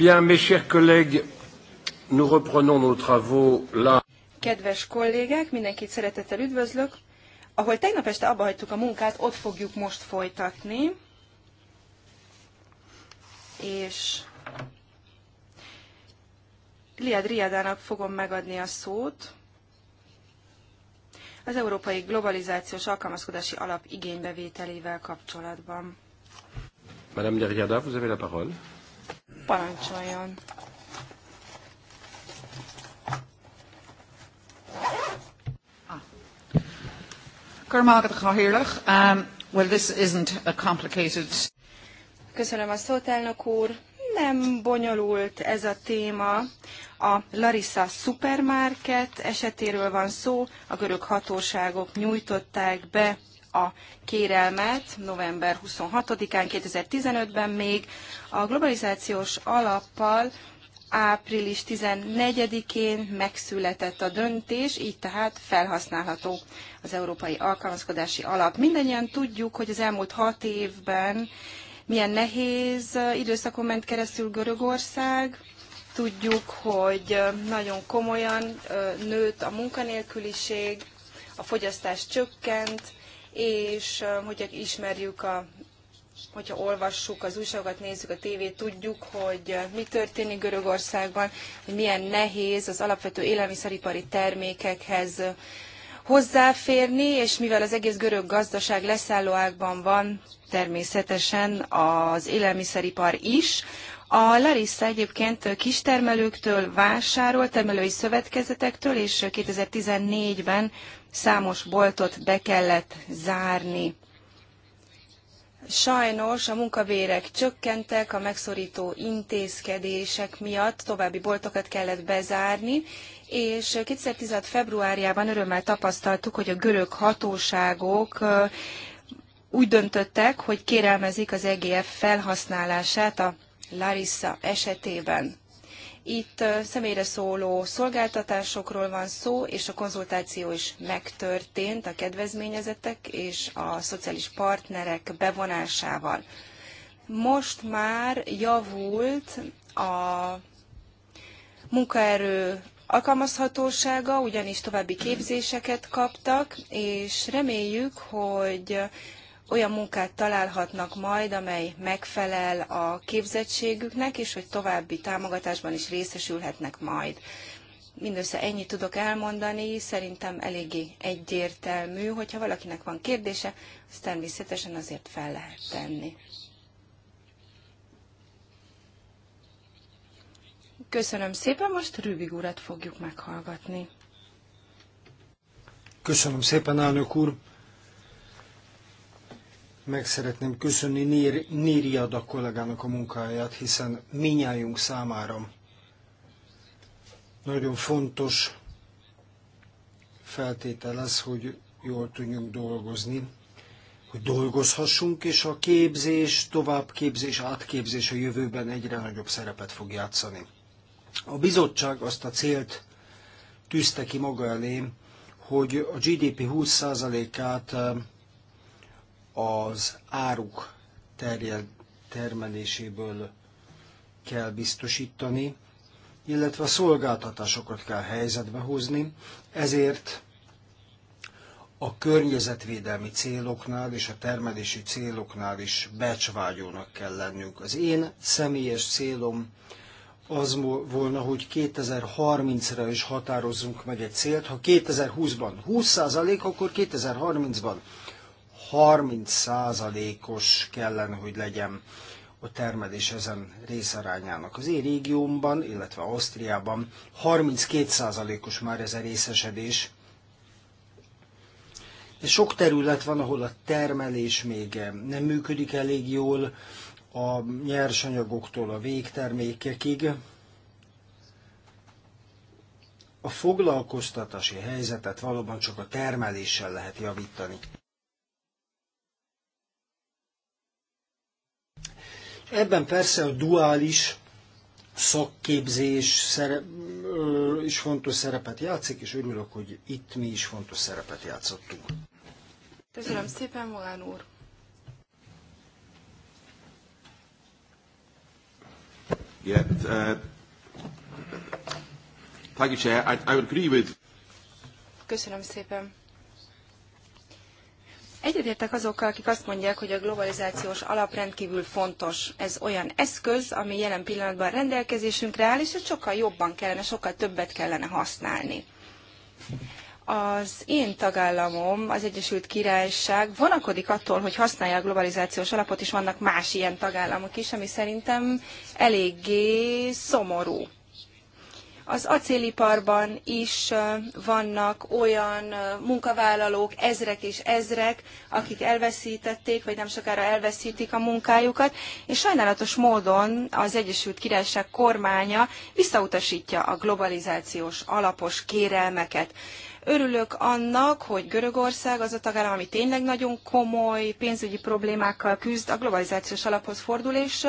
Bien, mes chers collègues, nous reprenons nos travaux là. Kedves kollégák, mindenkit szeretettel üdvözlök. Ahol tegnap este abba hagytuk a munkát, ott fogjuk most folytatni. És Liad Riadának fogom megadni a szót. Az Európai Globalizációs Alkalmazkodási Alap igénybevételével kapcsolatban. Madame Riada, vous avez la parole. Parancsoljon! Köszönöm a szót, elnök úr. Nem bonyolult ez a téma. A Larissa Supermarket esetéről van szó, a görög hatóságok nyújtották be a kérelmet november 26-án 2015-ben még a globalizációs alappal április 14-én megszületett a döntés, így tehát felhasználható az Európai Alkalmazkodási Alap. Mindennyian tudjuk, hogy az elmúlt hat évben milyen nehéz időszakon ment keresztül Görögország, tudjuk, hogy nagyon komolyan nőtt a munkanélküliség, a fogyasztás csökkent, és hogyha ismerjük a hogyha olvassuk az újságokat, nézzük a tévét, tudjuk, hogy mi történik Görögországban, hogy milyen nehéz az alapvető élelmiszeripari termékekhez hozzáférni, és mivel az egész görög gazdaság leszállóágban van, természetesen az élelmiszeripar is, a Larissa egyébként kistermelőktől vásárol, termelői szövetkezetektől, és 2014-ben számos boltot be kellett zárni. Sajnos a munkavérek csökkentek, a megszorító intézkedések miatt további boltokat kellett bezárni, és 2016. februárjában örömmel tapasztaltuk, hogy a görög hatóságok úgy döntöttek, hogy kérelmezik az EGF felhasználását a Larissa esetében. Itt személyre szóló szolgáltatásokról van szó, és a konzultáció is megtörtént a kedvezményezettek és a szociális partnerek bevonásával. Most már javult a munkaerő alkalmazhatósága, ugyanis további képzéseket kaptak, és reméljük, hogy olyan munkát találhatnak majd, amely megfelel a képzettségüknek, és hogy további támogatásban is részesülhetnek majd. Mindössze ennyit tudok elmondani, szerintem eléggé egyértelmű, hogyha valakinek van kérdése, azt természetesen azért fel lehet tenni. Köszönöm szépen, most Rübig urat fogjuk meghallgatni. Köszönöm szépen, elnök úr! meg szeretném köszönni Nér, a kollégának a munkáját, hiszen minnyájunk számára nagyon fontos feltétel az, hogy jól tudjunk dolgozni, hogy dolgozhassunk, és a képzés, továbbképzés, átképzés a jövőben egyre nagyobb szerepet fog játszani. A bizottság azt a célt tűzte ki maga elé, hogy a GDP 20%-át az áruk terjed, termeléséből kell biztosítani, illetve a szolgáltatásokat kell helyzetbe hozni, ezért a környezetvédelmi céloknál és a termelési céloknál is becsvágyónak kell lennünk. Az én személyes célom az volna, hogy 2030-ra is határozzunk meg egy célt. Ha 2020-ban 20%, akkor 2030-ban 30%-os kellene, hogy legyen a termelés ezen részarányának. Az én régiómban, illetve Ausztriában 32%-os már ez a részesedés, de sok terület van, ahol a termelés még nem működik elég jól, a nyersanyagoktól a végtermékekig. A foglalkoztatási helyzetet valóban csak a termeléssel lehet javítani. Ebben persze a duális szakképzés is fontos szerepet játszik, és örülök, hogy itt mi is fontos szerepet játszottunk. Köszönöm szépen, Molán úr! Yeah, uh, thank you, Chair. I, I would agree with... Köszönöm szépen. Egyetértek azokkal, akik azt mondják, hogy a globalizációs alap rendkívül fontos. Ez olyan eszköz, ami jelen pillanatban rendelkezésünkre áll, és ezt sokkal jobban kellene, sokkal többet kellene használni. Az én tagállamom, az Egyesült Királyság vonakodik attól, hogy használja a globalizációs alapot, és vannak más ilyen tagállamok is, ami szerintem eléggé szomorú. Az acéliparban is vannak olyan munkavállalók, ezrek és ezrek, akik elveszítették, vagy nem sokára elveszítik a munkájukat, és sajnálatos módon az Egyesült Királyság kormánya visszautasítja a globalizációs alapos kérelmeket. Örülök annak, hogy Görögország az a tagállam, ami tényleg nagyon komoly pénzügyi problémákkal küzd, a globalizációs alaphoz fordul, és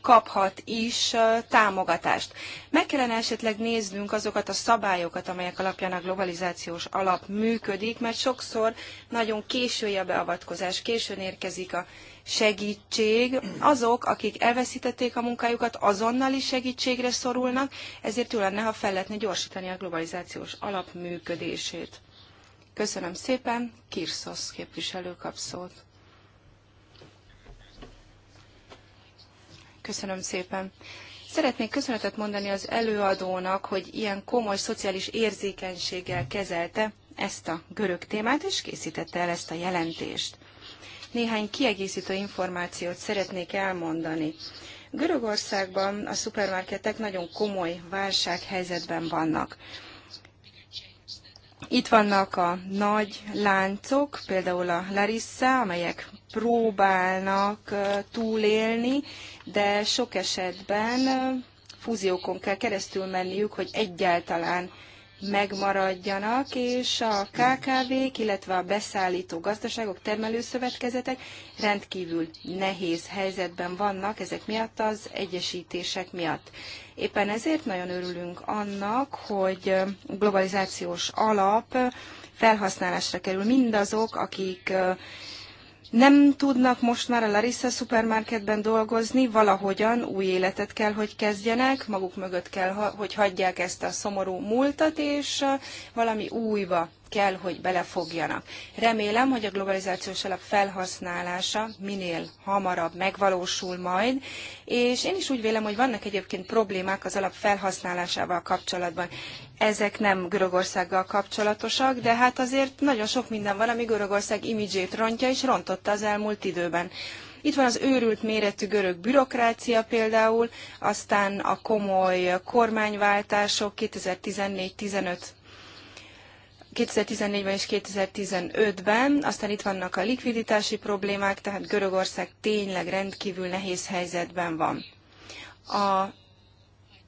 kaphat is támogatást. Meg kellene esetleg néznünk azokat a szabályokat, amelyek alapján a globalizációs alap működik, mert sokszor nagyon késői a beavatkozás, későn érkezik a segítség. Azok, akik elveszítették a munkájukat, azonnali segítségre szorulnak, ezért jó lenne, ha fel lehetne gyorsítani a globalizációs alap működését. Köszönöm szépen, Kirszosz képviselő kap szót. Köszönöm szépen. Szeretnék köszönetet mondani az előadónak, hogy ilyen komoly szociális érzékenységgel kezelte ezt a görög témát, és készítette el ezt a jelentést. Néhány kiegészítő információt szeretnék elmondani. Görögországban a szupermarketek nagyon komoly válsághelyzetben vannak. Itt vannak a nagy láncok, például a Larissa, amelyek próbálnak túlélni, de sok esetben fúziókon kell keresztül menniük, hogy egyáltalán megmaradjanak, és a KKV-k, illetve a beszállító gazdaságok, termelőszövetkezetek rendkívül nehéz helyzetben vannak ezek miatt az egyesítések miatt. Éppen ezért nagyon örülünk annak, hogy globalizációs alap felhasználásra kerül mindazok, akik nem tudnak most már a Larissa szupermarketben dolgozni, valahogyan új életet kell, hogy kezdjenek, maguk mögött kell, hogy hagyják ezt a szomorú múltat, és valami újba kell, hogy belefogjanak. Remélem, hogy a globalizációs alap felhasználása minél hamarabb megvalósul majd, és én is úgy vélem, hogy vannak egyébként problémák az alap felhasználásával kapcsolatban. Ezek nem Görögországgal kapcsolatosak, de hát azért nagyon sok minden van, ami Görögország imidzsét rontja és rontotta az elmúlt időben. Itt van az őrült méretű görög bürokrácia például, aztán a komoly kormányváltások 2014-15 2014-ben és 2015-ben, aztán itt vannak a likviditási problémák, tehát Görögország tényleg rendkívül nehéz helyzetben van. A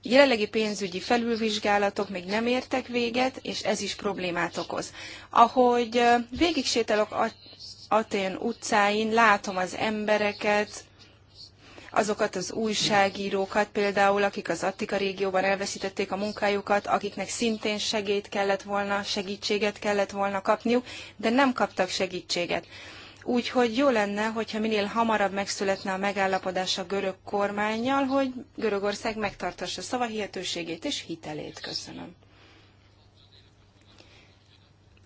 jelenlegi pénzügyi felülvizsgálatok még nem értek véget, és ez is problémát okoz. Ahogy végig sétálok Atén utcáin, látom az embereket, azokat az újságírókat például, akik az Attika régióban elveszítették a munkájukat, akiknek szintén segélyt kellett volna, segítséget kellett volna kapniuk, de nem kaptak segítséget. Úgyhogy jó lenne, hogyha minél hamarabb megszületne a megállapodás a görög kormányjal, hogy Görögország megtartassa szavahihetőségét és hitelét. Köszönöm.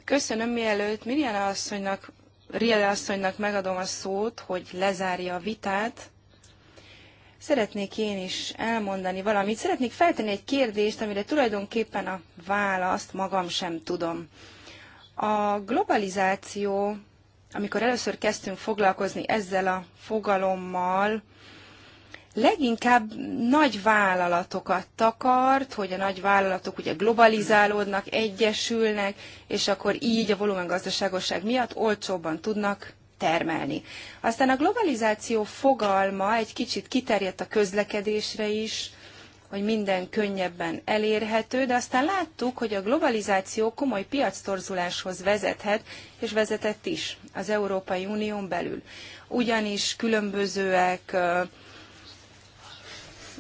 Köszönöm mielőtt Miriana asszonynak, asszonynak megadom a szót, hogy lezárja a vitát. Szeretnék én is elmondani valamit, szeretnék feltenni egy kérdést, amire tulajdonképpen a választ magam sem tudom. A globalizáció, amikor először kezdtünk foglalkozni ezzel a fogalommal, leginkább nagy vállalatokat takart, hogy a nagy vállalatok ugye globalizálódnak, egyesülnek, és akkor így a volumengazdaságosság miatt olcsóbban tudnak termelni. Aztán a globalizáció fogalma egy kicsit kiterjedt a közlekedésre is, hogy minden könnyebben elérhető, de aztán láttuk, hogy a globalizáció komoly piactorzuláshoz vezethet, és vezetett is az Európai Unión belül. Ugyanis különbözőek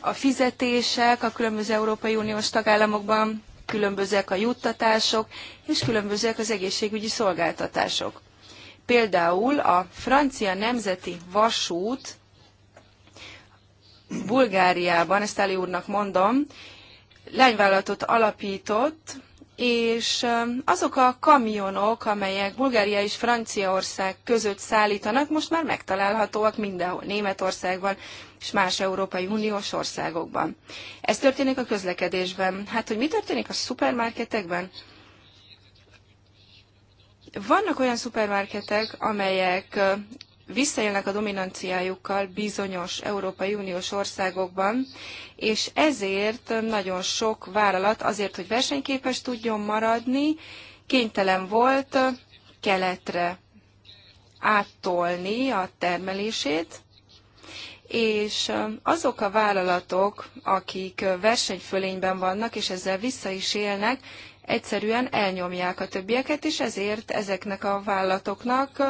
a fizetések a különböző Európai Uniós tagállamokban, különbözőek a juttatások, és különbözőek az egészségügyi szolgáltatások. Például a francia nemzeti vasút Bulgáriában, ezt Eli úrnak mondom, lányvállalatot alapított, és um, azok a kamionok, amelyek Bulgária és Franciaország között szállítanak, most már megtalálhatóak mindenhol, Németországban és más Európai Uniós országokban. Ez történik a közlekedésben. Hát, hogy mi történik a szupermarketekben? Vannak olyan szupermarketek, amelyek visszaélnek a dominanciájukkal bizonyos Európai Uniós országokban, és ezért nagyon sok vállalat azért, hogy versenyképes tudjon maradni, kénytelen volt keletre áttolni a termelését, és azok a vállalatok, akik versenyfölényben vannak, és ezzel vissza is élnek, egyszerűen elnyomják a többieket, és ezért ezeknek a vállalatoknak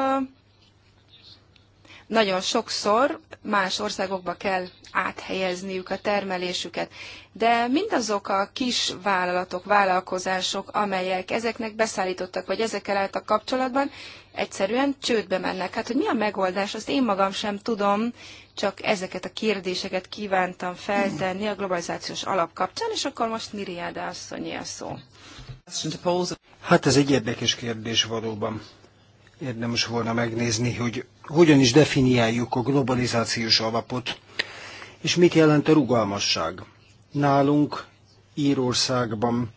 nagyon sokszor más országokba kell áthelyezniük a termelésüket. De mindazok a kis vállalatok, vállalkozások, amelyek ezeknek beszállítottak, vagy ezekkel álltak kapcsolatban, egyszerűen csődbe mennek. Hát, hogy mi a megoldás, azt én magam sem tudom, csak ezeket a kérdéseket kívántam feltenni a globalizációs alap kapcsán, és akkor most Niriáda asszonyi a szó. Hát ez egy érdekes kérdés valóban. Érdemes volna megnézni, hogy hogyan is definiáljuk a globalizációs alapot, és mit jelent a rugalmasság. Nálunk, Írországban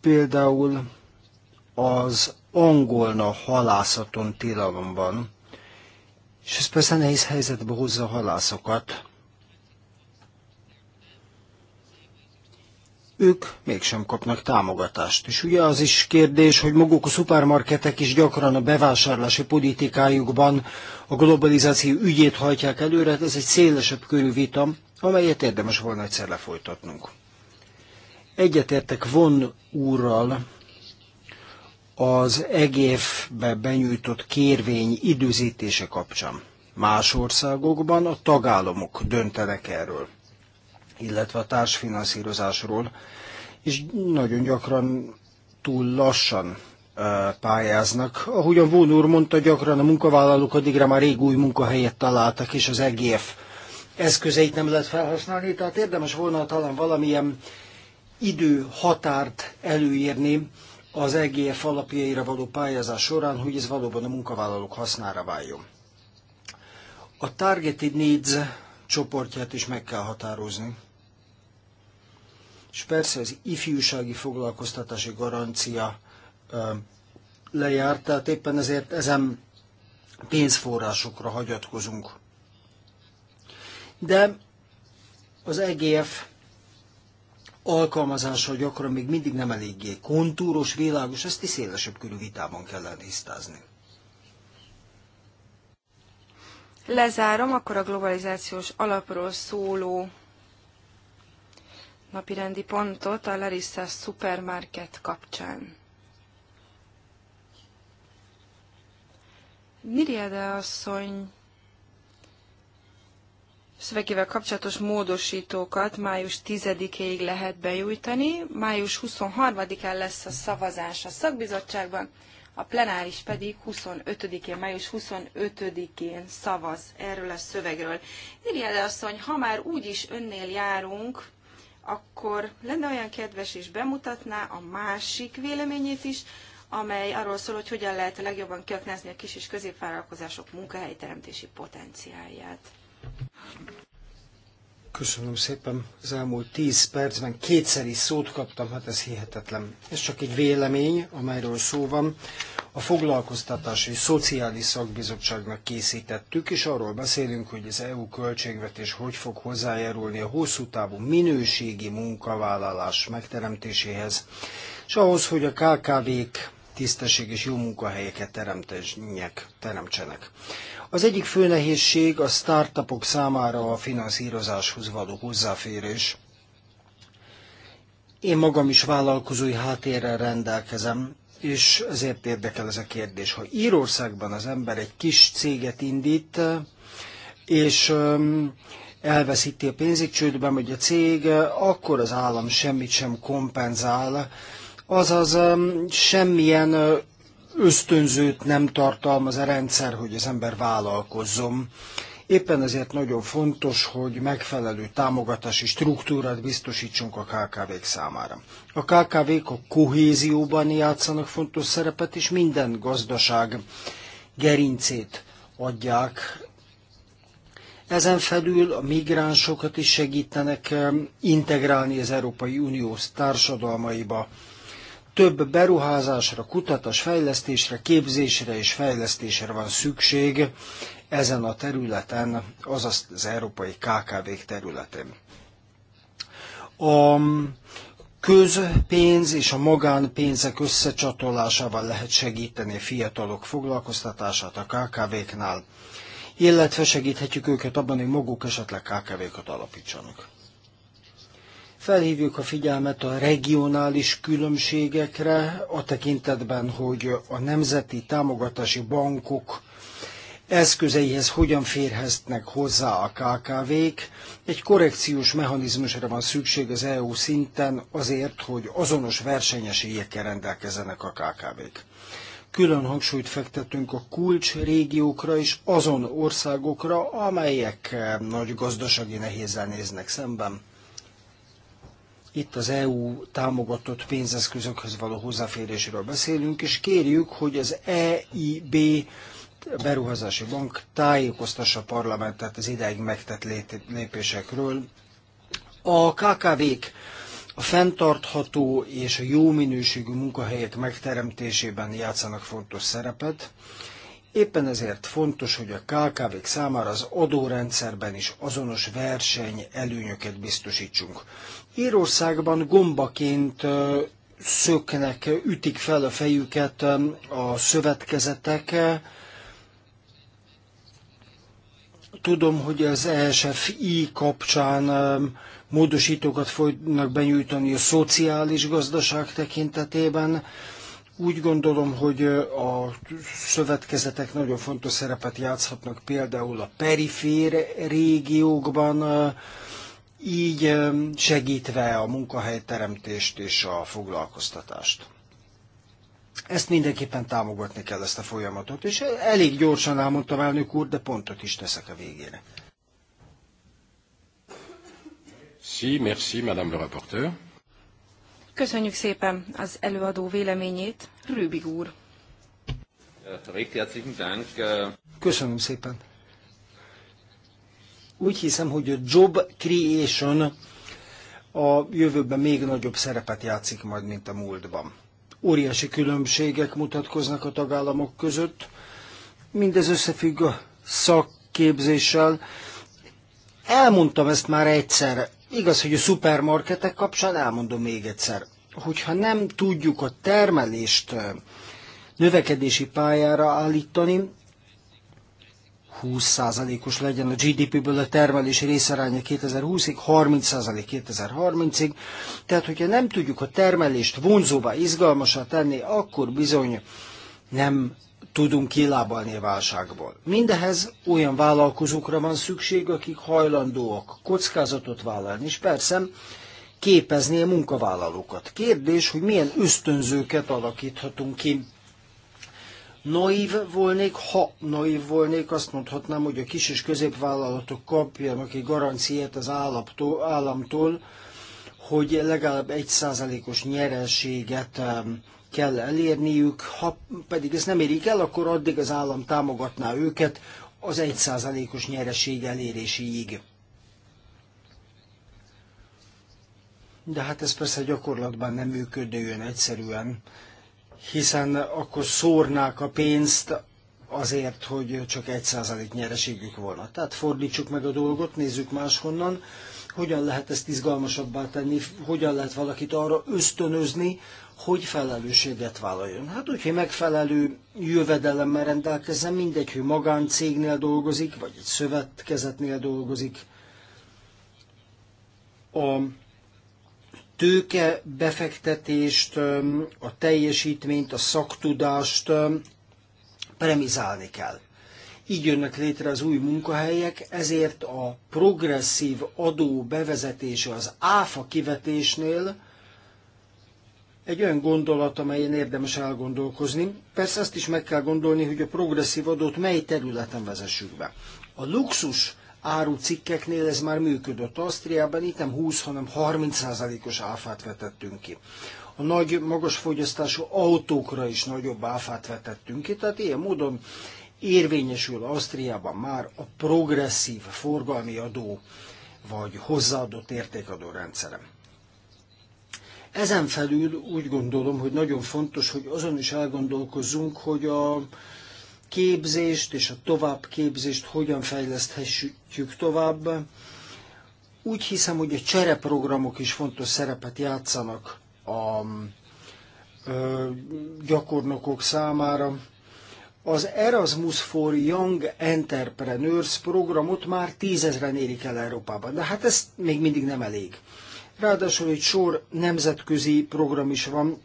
például az angolna halászaton tilalom van, és ez persze nehéz helyzetbe hozza a halászokat, ők mégsem kapnak támogatást. És ugye az is kérdés, hogy maguk a szupermarketek is gyakran a bevásárlási politikájukban a globalizáció ügyét hajtják előre, ez egy szélesebb körű vita, amelyet érdemes volna egyszer lefolytatnunk. Egyetértek von úrral, az EGF-be benyújtott kérvény időzítése kapcsán. Más országokban a tagállamok döntenek erről illetve a társfinanszírozásról, és nagyon gyakran túl lassan pályáznak. a Vón úr mondta, gyakran a munkavállalók addigra már rég új munkahelyet találtak, és az EGF eszközeit nem lehet felhasználni, tehát érdemes volna talán valamilyen időhatárt előírni az EGF alapjaira való pályázás során, hogy ez valóban a munkavállalók hasznára váljon. A Targeted Needs csoportját is meg kell határozni és persze az ifjúsági foglalkoztatási garancia lejárt, tehát éppen ezért ezen pénzforrásokra hagyatkozunk. De az EGF alkalmazása gyakran még mindig nem eléggé kontúros, világos, ezt is szélesebb körű vitában kellene tisztázni. Lezárom akkor a globalizációs alapról szóló napirendi pontot a Larissa Supermarket kapcsán. Niriade asszony szövegével kapcsolatos módosítókat május 10-ig lehet bejújtani, május 23-án lesz a szavazás a szakbizottságban, a plenáris pedig 25-én, május 25-én szavaz erről a szövegről. Niriade asszony, ha már úgyis önnél járunk, akkor lenne olyan kedves és bemutatná a másik véleményét is, amely arról szól, hogy hogyan lehet a legjobban kiaknázni a kis és középvállalkozások munkahelyteremtési potenciálját. Köszönöm szépen. Az elmúlt 10 percben kétszer is szót kaptam, hát ez hihetetlen. Ez csak egy vélemény, amelyről szó van. A foglalkoztatási szociális szakbizottságnak készítettük, és arról beszélünk, hogy az EU költségvetés hogy fog hozzájárulni a hosszú távú minőségi munkavállalás megteremtéséhez, és ahhoz, hogy a KKV-k tisztességes jó munkahelyeket teremtsenek. Az egyik fő nehézség a startupok számára a finanszírozáshoz való hozzáférés. Én magam is vállalkozói háttérrel rendelkezem, és ezért érdekel ez a kérdés. Ha Írországban az ember egy kis céget indít, és elveszíti a pénzét, csődbe megy a cég, akkor az állam semmit sem kompenzál, azaz semmilyen ösztönzőt nem tartalmaz a rendszer, hogy az ember vállalkozzon. Éppen ezért nagyon fontos, hogy megfelelő támogatási struktúrát biztosítsunk a KKV-k számára. A KKV-k a kohézióban játszanak fontos szerepet, és minden gazdaság gerincét adják. Ezen felül a migránsokat is segítenek integrálni az Európai Unió társadalmaiba, több beruházásra, kutatás, fejlesztésre, képzésre és fejlesztésre van szükség ezen a területen, azaz az európai kkv területén. A közpénz és a magánpénzek összecsatolásával lehet segíteni a fiatalok foglalkoztatását a KKV-knál, illetve segíthetjük őket abban, hogy maguk esetleg KKV-kat alapítsanak. Felhívjuk a figyelmet a regionális különbségekre, a tekintetben, hogy a nemzeti támogatási bankok eszközeihez hogyan férheznek hozzá a KKV-k. Egy korrekciós mechanizmusra van szükség az EU szinten azért, hogy azonos versenyesélyekkel rendelkezzenek a KKV-k. Külön hangsúlyt fektetünk a kulcs régiókra és azon országokra, amelyek nagy gazdasági nehézzel néznek szemben itt az EU támogatott pénzeszközökhöz való hozzáférésről beszélünk, és kérjük, hogy az EIB beruházási bank tájékoztassa a parlamentet az ideig megtett lépésekről. A KKV-k a fenntartható és a jó minőségű munkahelyek megteremtésében játszanak fontos szerepet. Éppen ezért fontos, hogy a KKV-k számára az adórendszerben is azonos verseny előnyöket biztosítsunk. Írországban gombaként szöknek, ütik fel a fejüket a szövetkezetek. Tudom, hogy az ESFI kapcsán módosítókat fognak benyújtani a szociális gazdaság tekintetében. Úgy gondolom, hogy a szövetkezetek nagyon fontos szerepet játszhatnak például a perifér régiókban, így segítve a munkahelyteremtést és a foglalkoztatást. Ezt mindenképpen támogatni kell ezt a folyamatot, és elég gyorsan elmondtam elnök úr, de pontot is teszek a végére. Sí, merci, madame le rapporteur. Köszönjük szépen az előadó véleményét, Rübig úr. Äh, Köszönöm szépen úgy hiszem, hogy a job creation a jövőben még nagyobb szerepet játszik majd, mint a múltban. Óriási különbségek mutatkoznak a tagállamok között, mindez összefügg a szakképzéssel. Elmondtam ezt már egyszer, igaz, hogy a szupermarketek kapcsán elmondom még egyszer. Hogyha nem tudjuk a termelést növekedési pályára állítani, 20%-os legyen a GDP-ből a termelés részaránya 2020-ig, 30% 2030-ig. Tehát, hogyha nem tudjuk a termelést vonzóvá, izgalmasá tenni, akkor bizony nem tudunk kilábalni a válságból. Mindehez olyan vállalkozókra van szükség, akik hajlandóak kockázatot vállalni, és persze képezni a munkavállalókat. Kérdés, hogy milyen ösztönzőket alakíthatunk ki naív volnék, ha naív volnék, azt mondhatnám, hogy a kis és középvállalatok kapjanak egy garanciát az államtól, államtól hogy legalább egy százalékos nyereséget kell elérniük, ha pedig ezt nem érik el, akkor addig az állam támogatná őket az egy százalékos nyereség eléréséig. De hát ez persze gyakorlatban nem működő olyan egyszerűen, hiszen akkor szórnák a pénzt azért, hogy csak egy százalék nyereségük volna. Tehát fordítsuk meg a dolgot, nézzük máshonnan, hogyan lehet ezt izgalmasabbá tenni, hogyan lehet valakit arra ösztönözni, hogy felelősséget vállaljon. Hát, hogyha megfelelő jövedelemmel rendelkezzen, mindegy, hogy magáncégnél dolgozik, vagy egy szövetkezetnél dolgozik, a tőke befektetést, a teljesítményt, a szaktudást premizálni kell. Így jönnek létre az új munkahelyek, ezért a progresszív adó bevezetése az áfa kivetésnél egy olyan gondolat, amelyen érdemes elgondolkozni. Persze azt is meg kell gondolni, hogy a progresszív adót mely területen vezessük be. A luxus árucikkeknél ez már működött. Ausztriában itt nem 20, hanem 30%-os áfát vetettünk ki. A nagy, magas fogyasztású autókra is nagyobb áfát vetettünk ki, tehát ilyen módon érvényesül Ausztriában már a progresszív forgalmi adó vagy hozzáadott értékadó rendszerem. Ezen felül úgy gondolom, hogy nagyon fontos, hogy azon is elgondolkozzunk, hogy a képzést és a továbbképzést hogyan fejleszthessük tovább. Úgy hiszem, hogy a csereprogramok is fontos szerepet játszanak a gyakornokok számára. Az Erasmus for Young Entrepreneurs programot már tízezren érik el Európában, de hát ez még mindig nem elég. Ráadásul egy sor nemzetközi program is van,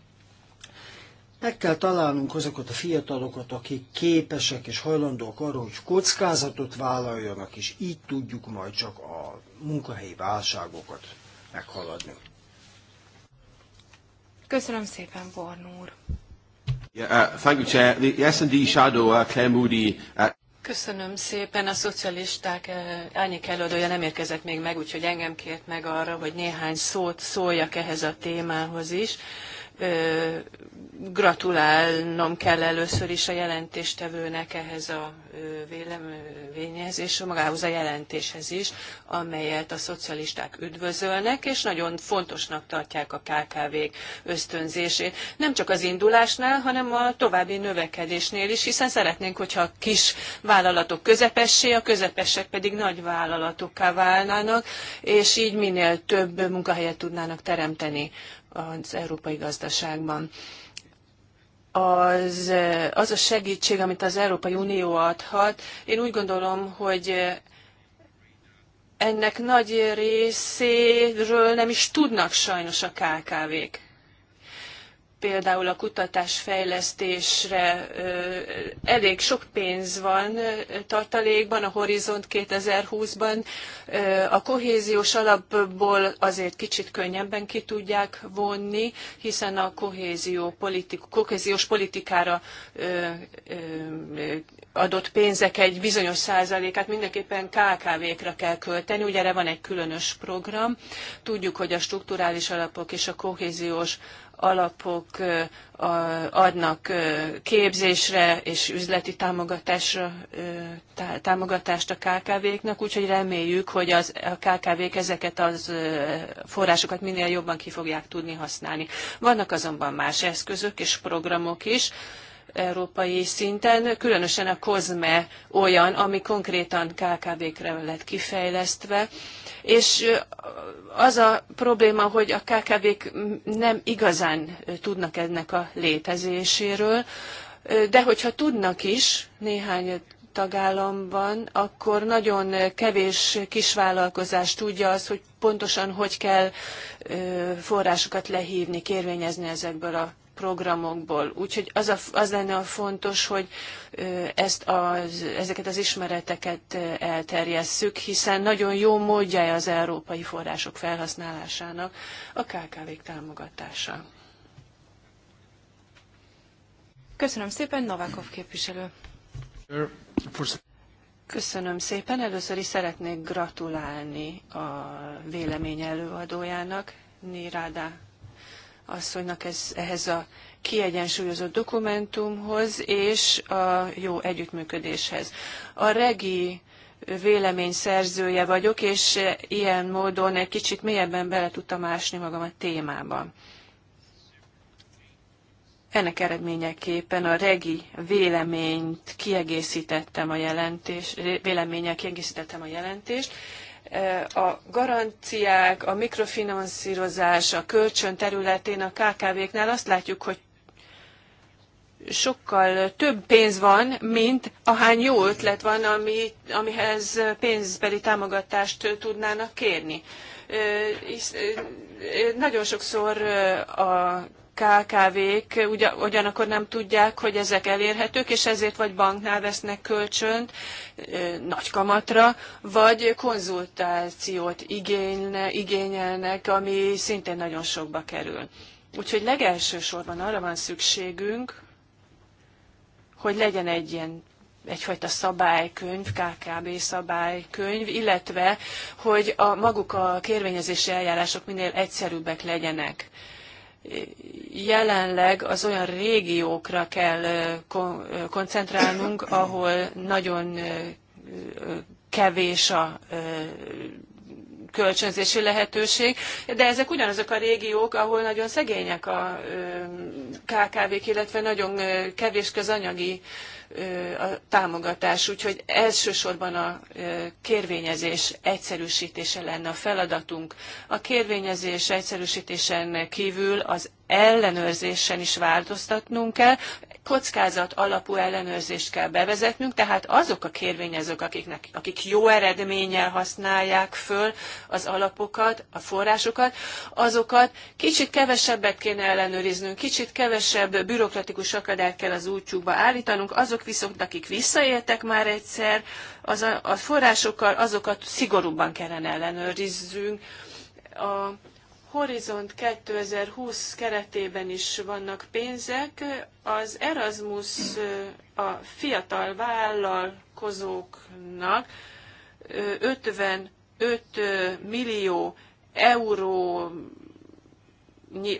meg kell találnunk azokat a fiatalokat, akik képesek és hajlandók arra, hogy kockázatot vállaljanak, és így tudjuk majd csak a munkahelyi válságokat meghaladni. Köszönöm szépen, Born úr. Uh, thank you, Chair. The S&D Shadow, uh, uh, Köszönöm szépen. A szocialisták árnyék előadója nem érkezett még meg, úgyhogy engem kért meg arra, hogy néhány szót szóljak ehhez a témához is gratulálnom kell először is a jelentéstevőnek ehhez a véleményezéshez, magához a jelentéshez is, amelyet a szocialisták üdvözölnek, és nagyon fontosnak tartják a KKV-k ösztönzését. Nem csak az indulásnál, hanem a további növekedésnél is, hiszen szeretnénk, hogyha a kis vállalatok közepessé, a közepesek pedig nagy vállalatokká válnának, és így minél több munkahelyet tudnának teremteni az európai gazdaságban az, eh, az a segítség, amit az Európai Unió adhat, én úgy gondolom, hogy eh, ennek nagy részéről nem is tudnak sajnos a KKV-k például a kutatásfejlesztésre elég sok pénz van tartalékban, a Horizont 2020-ban. A kohéziós alapból azért kicsit könnyebben ki tudják vonni, hiszen a kohézió politik, kohéziós politikára adott pénzek egy bizonyos százalékát mindenképpen KKV-kra kell költeni, ugye erre van egy különös program. Tudjuk, hogy a strukturális alapok és a kohéziós alapok adnak képzésre és üzleti támogatásra, támogatást a KKV-knak, úgyhogy reméljük, hogy az, a KKV-k ezeket az forrásokat minél jobban ki fogják tudni használni. Vannak azonban más eszközök és programok is, európai szinten, különösen a COSME olyan, ami konkrétan KKV-kre lett kifejlesztve, és az a probléma, hogy a KKV-k nem igazán tudnak ennek a létezéséről, de hogyha tudnak is néhány tagállamban, akkor nagyon kevés kisvállalkozás tudja azt, hogy pontosan hogy kell forrásokat lehívni, kérvényezni ezekből a programokból. Úgyhogy az, a, az lenne a fontos, hogy ezt az, ezeket az ismereteket elterjesszük, hiszen nagyon jó módjája az európai források felhasználásának a KKV-k támogatása. Köszönöm szépen, Novákov képviselő. Köszönöm szépen. Először is szeretnék gratulálni a vélemény előadójának, Nirada asszonynak ez, ehhez a kiegyensúlyozott dokumentumhoz és a jó együttműködéshez. A regi vélemény szerzője vagyok, és ilyen módon egy kicsit mélyebben bele tudtam ásni magam a témába. Ennek eredményeképpen a regi véleményt kiegészítettem a jelentés, véleménnyel kiegészítettem a jelentést, Eh, a garanciák, a mikrofinanszírozás, a kölcsön területén a KKV-knál azt látjuk, hogy sokkal több pénz van, mint ahány jó ötlet van, ami, amihez pénzbeli támogatást tudnának kérni. Eh, eh, nagyon sokszor a KKV-k ugyanakkor nem tudják, hogy ezek elérhetők, és ezért vagy banknál vesznek kölcsönt nagy kamatra, vagy konzultációt igényne, igényelnek, ami szintén nagyon sokba kerül. Úgyhogy legelsősorban arra van szükségünk, hogy legyen egy ilyen egyfajta szabálykönyv, KKB szabálykönyv, illetve hogy a maguk a kérvényezési eljárások minél egyszerűbbek legyenek jelenleg az olyan régiókra kell koncentrálnunk, ahol nagyon kevés a kölcsönzési lehetőség, de ezek ugyanazok a régiók, ahol nagyon szegények a KKV-k, illetve nagyon kevés közanyagi a támogatás, úgyhogy elsősorban a kérvényezés egyszerűsítése lenne a feladatunk. A kérvényezés egyszerűsítésen kívül az ellenőrzésen is változtatnunk kell kockázat alapú ellenőrzést kell bevezetnünk, tehát azok a kérvényezők, akiknek, akik jó eredménnyel használják föl az alapokat, a forrásokat, azokat kicsit kevesebbet kéne ellenőriznünk, kicsit kevesebb bürokratikus akadályt kell az útjukba állítanunk, azok viszont, akik visszaéltek már egyszer, az a, a forrásokkal azokat szigorúbban kellene ellenőrizzünk. A, Horizont 2020 keretében is vannak pénzek. Az Erasmus a fiatal vállalkozóknak 55 millió euró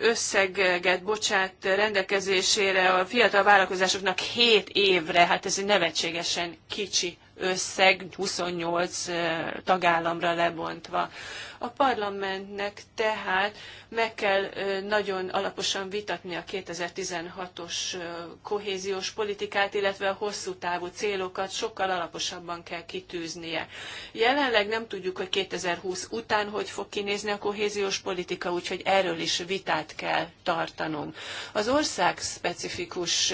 összeget bocsát rendelkezésére a fiatal vállalkozásoknak 7 évre, hát ez egy nevetségesen kicsi összeg 28 tagállamra lebontva. A parlamentnek tehát meg kell nagyon alaposan vitatni a 2016-os kohéziós politikát, illetve a hosszú távú célokat sokkal alaposabban kell kitűznie. Jelenleg nem tudjuk, hogy 2020 után hogy fog kinézni a kohéziós politika, úgyhogy erről is vitát kell tartanunk. Az ország specifikus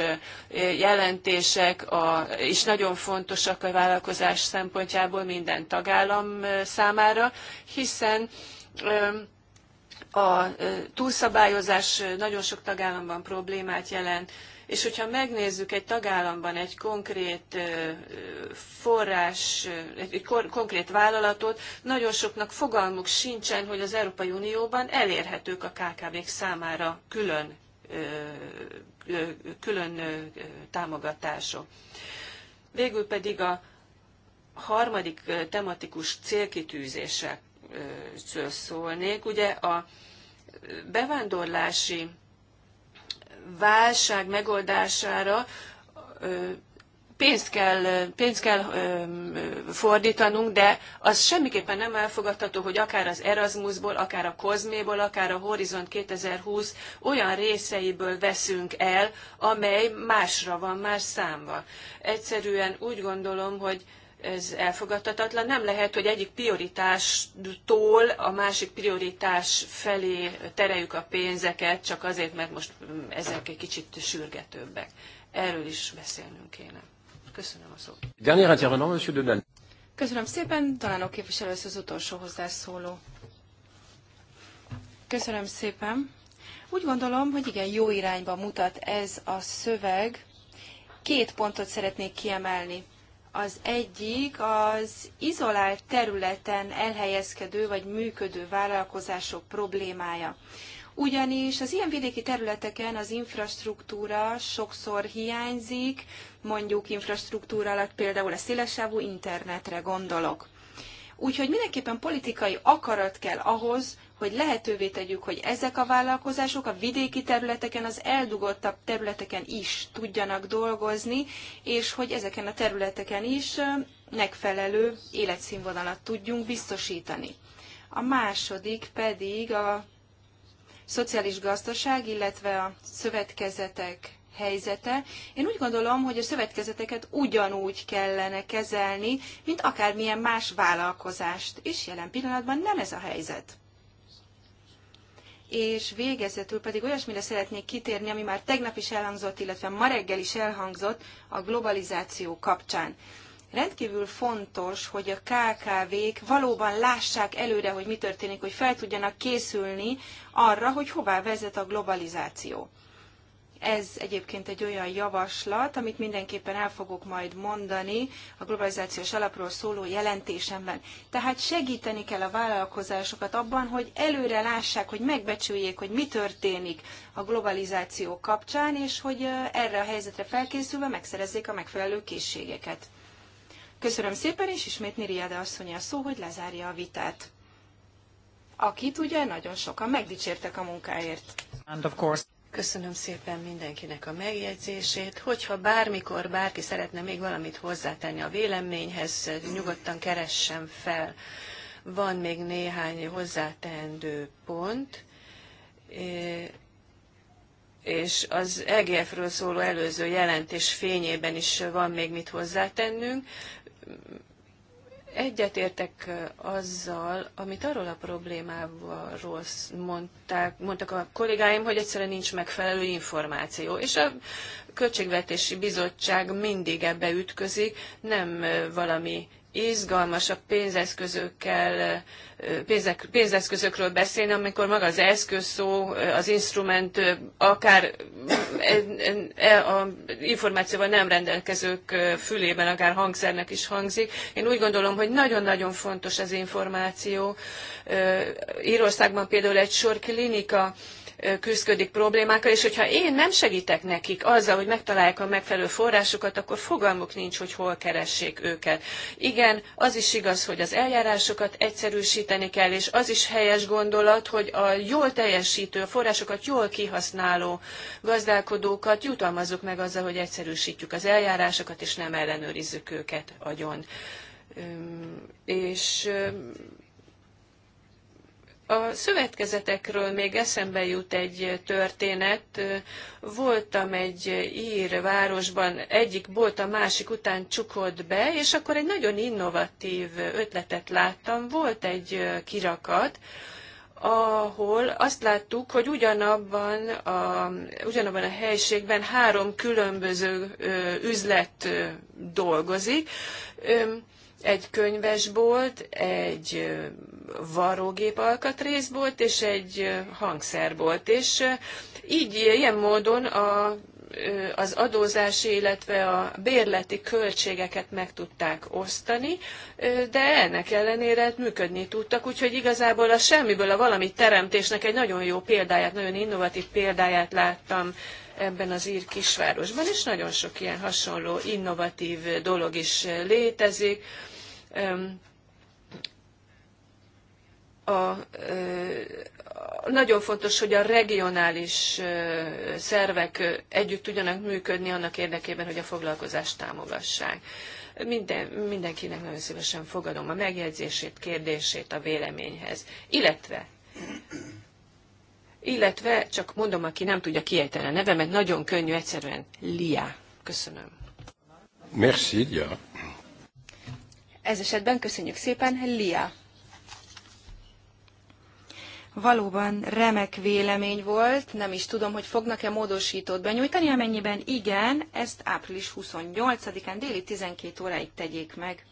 jelentések a, is nagyon fontosak a vállalkozás szempontjából minden tagállam számára, hiszen a túlszabályozás nagyon sok tagállamban problémát jelent, és hogyha megnézzük egy tagállamban egy konkrét forrás, egy konkrét vállalatot, nagyon soknak fogalmuk sincsen, hogy az Európai Unióban elérhetők a KKV-k számára külön, külön támogatások. Végül pedig a harmadik tematikus célkitűzésekről szólnék. Ugye a bevándorlási válság megoldására pénzt kell, pénzt kell fordítanunk, de az semmiképpen nem elfogadható, hogy akár az Erasmusból, akár a Kozméból, akár a Horizont 2020 olyan részeiből veszünk el, amely másra van más számva. Egyszerűen úgy gondolom, hogy ez elfogadhatatlan. Nem lehet, hogy egyik prioritástól a másik prioritás felé tereljük a pénzeket, csak azért, mert most mm, ezek egy kicsit sürgetőbbek. Erről is beszélnünk kéne. Köszönöm a szót. Dernier intervenant, monsieur Köszönöm szépen, talán a képviselő az utolsó hozzászóló. Köszönöm szépen. Úgy gondolom, hogy igen, jó irányba mutat ez a szöveg. Két pontot szeretnék kiemelni. Az egyik az izolált területen elhelyezkedő vagy működő vállalkozások problémája. Ugyanis az ilyen vidéki területeken az infrastruktúra sokszor hiányzik, mondjuk infrastruktúra alatt például a szélesávú internetre gondolok. Úgyhogy mindenképpen politikai akarat kell ahhoz, hogy lehetővé tegyük, hogy ezek a vállalkozások a vidéki területeken, az eldugottabb területeken is tudjanak dolgozni, és hogy ezeken a területeken is megfelelő életszínvonalat tudjunk biztosítani. A második pedig a szociális gazdaság, illetve a szövetkezetek helyzete. Én úgy gondolom, hogy a szövetkezeteket ugyanúgy kellene kezelni, mint akármilyen más vállalkozást, és jelen pillanatban nem ez a helyzet és végezetül pedig olyasmire szeretnék kitérni, ami már tegnap is elhangzott, illetve ma reggel is elhangzott a globalizáció kapcsán. Rendkívül fontos, hogy a KKV-k valóban lássák előre, hogy mi történik, hogy fel tudjanak készülni arra, hogy hová vezet a globalizáció. Ez egyébként egy olyan javaslat, amit mindenképpen el fogok majd mondani a globalizációs alapról szóló jelentésemben. Tehát segíteni kell a vállalkozásokat abban, hogy előre lássák, hogy megbecsüljék, hogy mi történik a globalizáció kapcsán, és hogy erre a helyzetre felkészülve megszerezzék a megfelelő készségeket. Köszönöm szépen, és ismét Niriade asszony a szó, hogy lezárja a vitát akit ugye nagyon sokan megdicsértek a munkáért. And of course. Köszönöm szépen mindenkinek a megjegyzését. Hogyha bármikor bárki szeretne még valamit hozzátenni a véleményhez, nyugodtan keressem fel. Van még néhány hozzátendő pont, és az EGF-ről szóló előző jelentés fényében is van még mit hozzátennünk egyetértek azzal, amit arról a problémáról mondták, mondtak a kollégáim, hogy egyszerűen nincs megfelelő információ, és a Költségvetési Bizottság mindig ebbe ütközik, nem valami izgalmas a pénzeszközökkel, pénzek, pénzeszközökről beszélni, amikor maga az eszköz szó, az instrument, akár a információval nem rendelkezők fülében, akár hangszernek is hangzik. Én úgy gondolom, hogy nagyon-nagyon fontos az információ. Írországban például egy sor klinika küzdik problémákkal, és hogyha én nem segítek nekik azzal, hogy megtalálják a megfelelő forrásokat, akkor fogalmuk nincs, hogy hol keressék őket. Igen, az is igaz, hogy az eljárásokat egyszerűsíteni kell, és az is helyes gondolat, hogy a jól teljesítő, a forrásokat jól kihasználó gazdálkodókat jutalmazzuk meg azzal, hogy egyszerűsítjük az eljárásokat, és nem ellenőrizzük őket agyon. És a szövetkezetekről még eszembe jut egy történet. Voltam egy ír városban, egyik bolt a másik után csukott be, és akkor egy nagyon innovatív ötletet láttam. Volt egy kirakat, ahol azt láttuk, hogy ugyanabban a, ugyanabban a helységben három különböző üzlet dolgozik egy könyvesbolt, egy varrógép alkatrészbolt és egy hangszerbolt. És így ilyen módon a, az adózási, illetve a bérleti költségeket meg tudták osztani, de ennek ellenére működni tudtak, úgyhogy igazából a semmiből a valami teremtésnek egy nagyon jó példáját, nagyon innovatív példáját láttam ebben az ír kisvárosban, és nagyon sok ilyen hasonló innovatív dolog is létezik a, nagyon fontos, hogy a regionális szervek együtt tudjanak működni annak érdekében, hogy a foglalkozást támogassák. Minden, mindenkinek nagyon szívesen fogadom a megjegyzését, kérdését a véleményhez. Illetve, illetve csak mondom, aki nem tudja kiejteni a nevemet, nagyon könnyű, egyszerűen Lia. Köszönöm. Merci, Lia. Ez esetben köszönjük szépen, Lia! Valóban remek vélemény volt, nem is tudom, hogy fognak-e módosítót benyújtani, amennyiben igen, ezt április 28-án déli 12 óráig tegyék meg.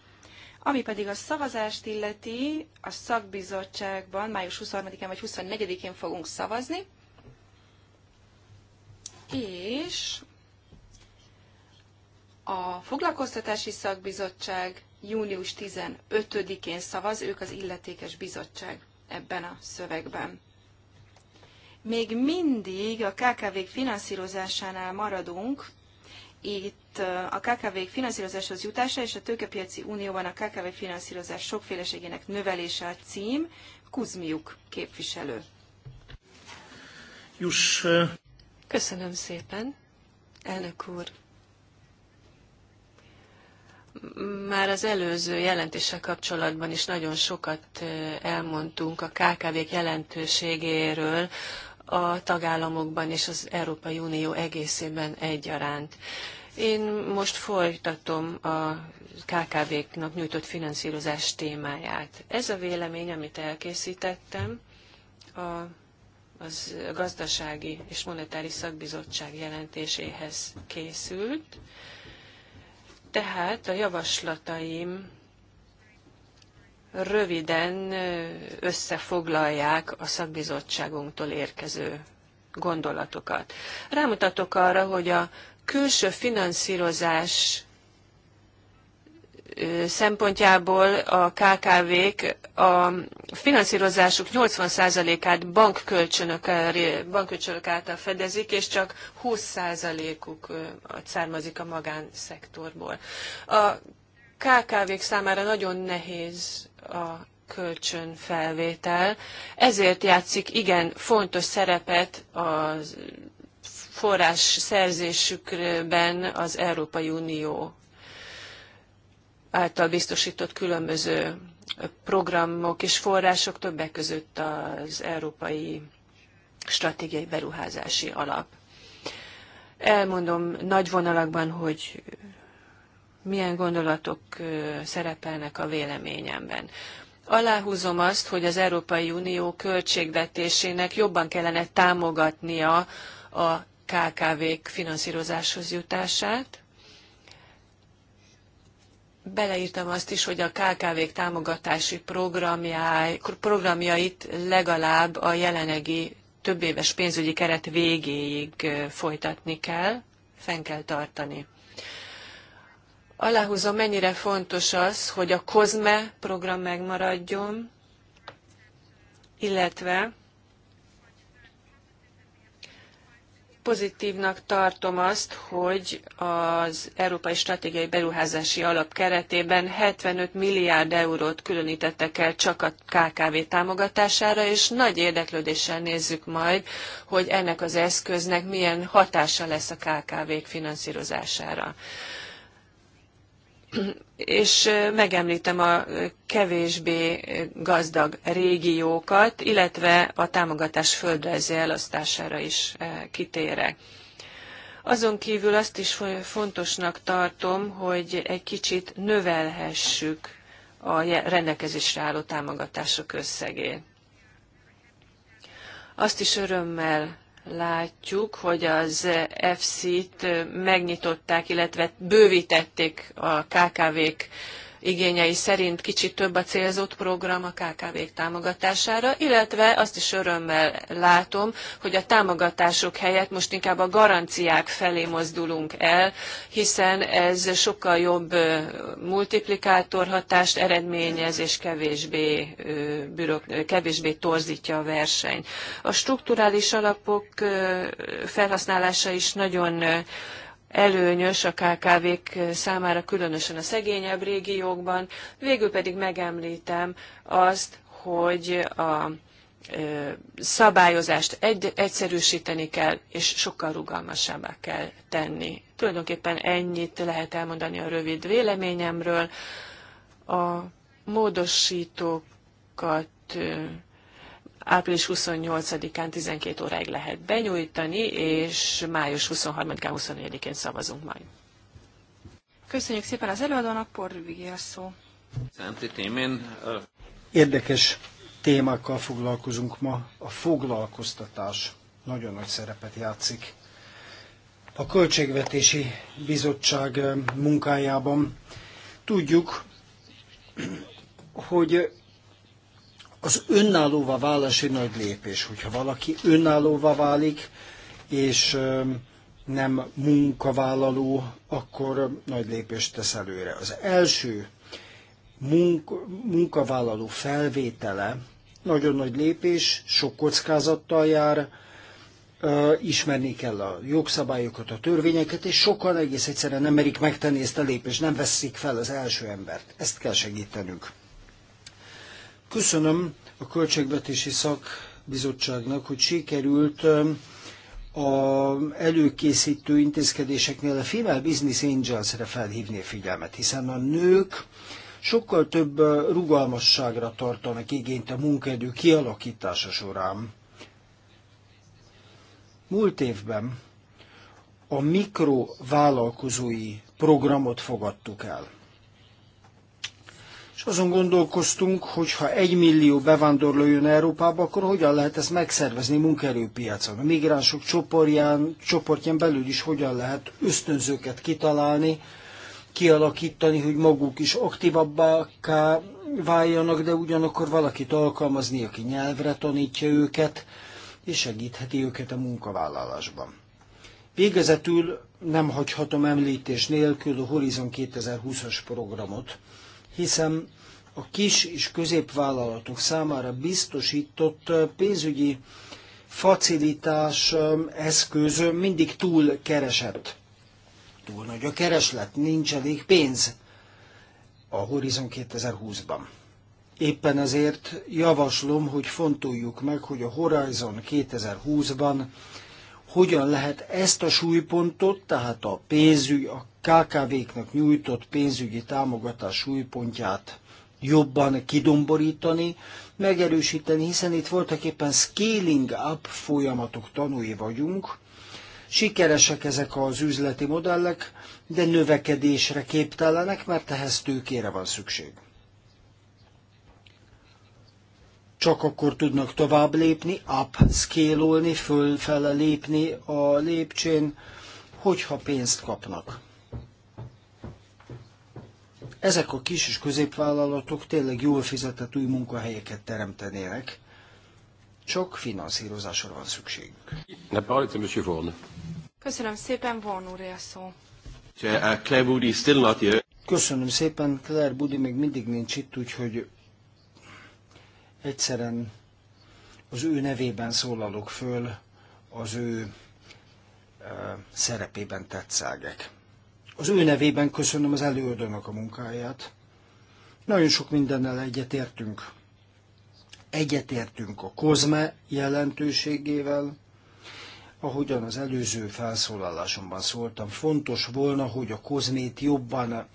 Ami pedig a szavazást illeti, a szakbizottságban május 23-án vagy 24-én fogunk szavazni, és a foglalkoztatási szakbizottság június 15-én szavaz, ők az illetékes bizottság ebben a szövegben. Még mindig a KKV-k finanszírozásánál maradunk, itt a KKV-k finanszírozáshoz jutása és a tőkepiaci unióban a KKV finanszírozás sokféleségének növelése a cím, Kuzmiuk képviselő. Juss. Köszönöm szépen, elnök úr már az előző jelentéssel kapcsolatban is nagyon sokat elmondtunk a KKV-k jelentőségéről a tagállamokban és az Európai Unió egészében egyaránt. Én most folytatom a KKV-knak nyújtott finanszírozás témáját. Ez a vélemény, amit elkészítettem, a, az gazdasági és monetári szakbizottság jelentéséhez készült tehát a javaslataim röviden összefoglalják a szakbizottságunktól érkező gondolatokat. Rámutatok arra, hogy a külső finanszírozás szempontjából a KKV-k a finanszírozásuk 80%-át bankkölcsönök, bankkölcsönök által fedezik, és csak 20%-uk származik a magánszektorból. A KKV-k számára nagyon nehéz a kölcsönfelvétel, ezért játszik igen fontos szerepet a forrás szerzésükben az Európai Unió által biztosított különböző programok és források, többek között az Európai Stratégiai Beruházási Alap. Elmondom nagy vonalakban, hogy milyen gondolatok szerepelnek a véleményemben. Aláhúzom azt, hogy az Európai Unió költségvetésének jobban kellene támogatnia a KKV-k finanszírozáshoz jutását, beleírtam azt is, hogy a KKV-k támogatási programjait legalább a jelenlegi több éves pénzügyi keret végéig folytatni kell, fenn kell tartani. Aláhúzom, mennyire fontos az, hogy a COSME program megmaradjon, illetve pozitívnak tartom azt, hogy az Európai Stratégiai Beruházási Alap keretében 75 milliárd eurót különítettek el csak a KKV támogatására, és nagy érdeklődéssel nézzük majd, hogy ennek az eszköznek milyen hatása lesz a KKV-k finanszírozására és megemlítem a kevésbé gazdag régiókat, illetve a támogatás földrajzi elosztására is kitérek. Azon kívül azt is fontosnak tartom, hogy egy kicsit növelhessük a rendelkezésre álló támogatások összegét. Azt is örömmel látjuk, hogy az FC-t megnyitották, illetve bővítették a KKV-k igényei szerint kicsit több a célzott program a KKV-k támogatására, illetve azt is örömmel látom, hogy a támogatások helyett most inkább a garanciák felé mozdulunk el, hiszen ez sokkal jobb multiplikátor hatást eredményez és kevésbé, bürok, kevésbé torzítja a versenyt. A strukturális alapok felhasználása is nagyon előnyös a KKV-k számára, különösen a szegényebb régiókban. Végül pedig megemlítem azt, hogy a szabályozást egy, egyszerűsíteni kell, és sokkal rugalmasabbá kell tenni. Tulajdonképpen ennyit lehet elmondani a rövid véleményemről. A módosítókat április 28-án 12 óráig lehet benyújtani, és május 23-án, 24-én szavazunk majd. Köszönjük szépen az előadónak, Porvigi a szó. Érdekes témákkal foglalkozunk ma. A foglalkoztatás nagyon nagy szerepet játszik. A Költségvetési Bizottság munkájában tudjuk, hogy az önállóvá válás egy nagy lépés, hogyha valaki önállóvá válik, és nem munkavállaló, akkor nagy lépést tesz előre. Az első munka, munkavállaló felvétele nagyon nagy lépés, sok kockázattal jár, ismerni kell a jogszabályokat, a törvényeket, és sokan egész egyszerűen nem merik megtenni ezt a lépést, nem veszik fel az első embert. Ezt kell segítenünk. Köszönöm a Költségvetési Szakbizottságnak, hogy sikerült um, a előkészítő intézkedéseknél a Female Business Angels-re felhívni a figyelmet, hiszen a nők sokkal több uh, rugalmasságra tartanak igényt a munkaidő kialakítása során. Múlt évben a mikrovállalkozói programot fogadtuk el és azon gondolkoztunk, hogy ha egy millió bevándorló jön Európába, akkor hogyan lehet ezt megszervezni munkaerőpiacon? A migránsok csoportján, csoportján belül is hogyan lehet ösztönzőket kitalálni, kialakítani, hogy maguk is aktívabbá váljanak, de ugyanakkor valakit alkalmazni, aki nyelvre tanítja őket, és segítheti őket a munkavállalásban. Végezetül nem hagyhatom említés nélkül a Horizon 2020-as programot, hiszen a kis és középvállalatok számára biztosított pénzügyi facilitás eszköz mindig túl keresett. Túl nagy a kereslet, nincs elég pénz a Horizon 2020-ban. Éppen ezért javaslom, hogy fontoljuk meg, hogy a Horizon 2020-ban hogyan lehet ezt a súlypontot, tehát a pénzügy, a KKV-knak nyújtott pénzügyi támogatás súlypontját jobban kidomborítani, megerősíteni, hiszen itt voltak éppen scaling up folyamatok tanúi vagyunk. Sikeresek ezek az üzleti modellek, de növekedésre képtelenek, mert ehhez tőkére van szükség. csak akkor tudnak tovább lépni, upscale-olni, fölfele lépni a lépcsén, hogyha pénzt kapnak. Ezek a kis és középvállalatok tényleg jól fizetett új munkahelyeket teremtenének, csak finanszírozásra van szükségük. Köszönöm szépen, Von úr, a szó. Uh, still not Köszönöm szépen, Claire Budi még mindig nincs itt, úgyhogy Egyszerűen az ő nevében szólalok föl, az ő szerepében tetszágek. Az ő nevében köszönöm az előadónak a munkáját. Nagyon sok mindennel egyetértünk. Egyetértünk a kozme jelentőségével, ahogyan az előző felszólalásomban szóltam, fontos volna, hogy a kozmét jobban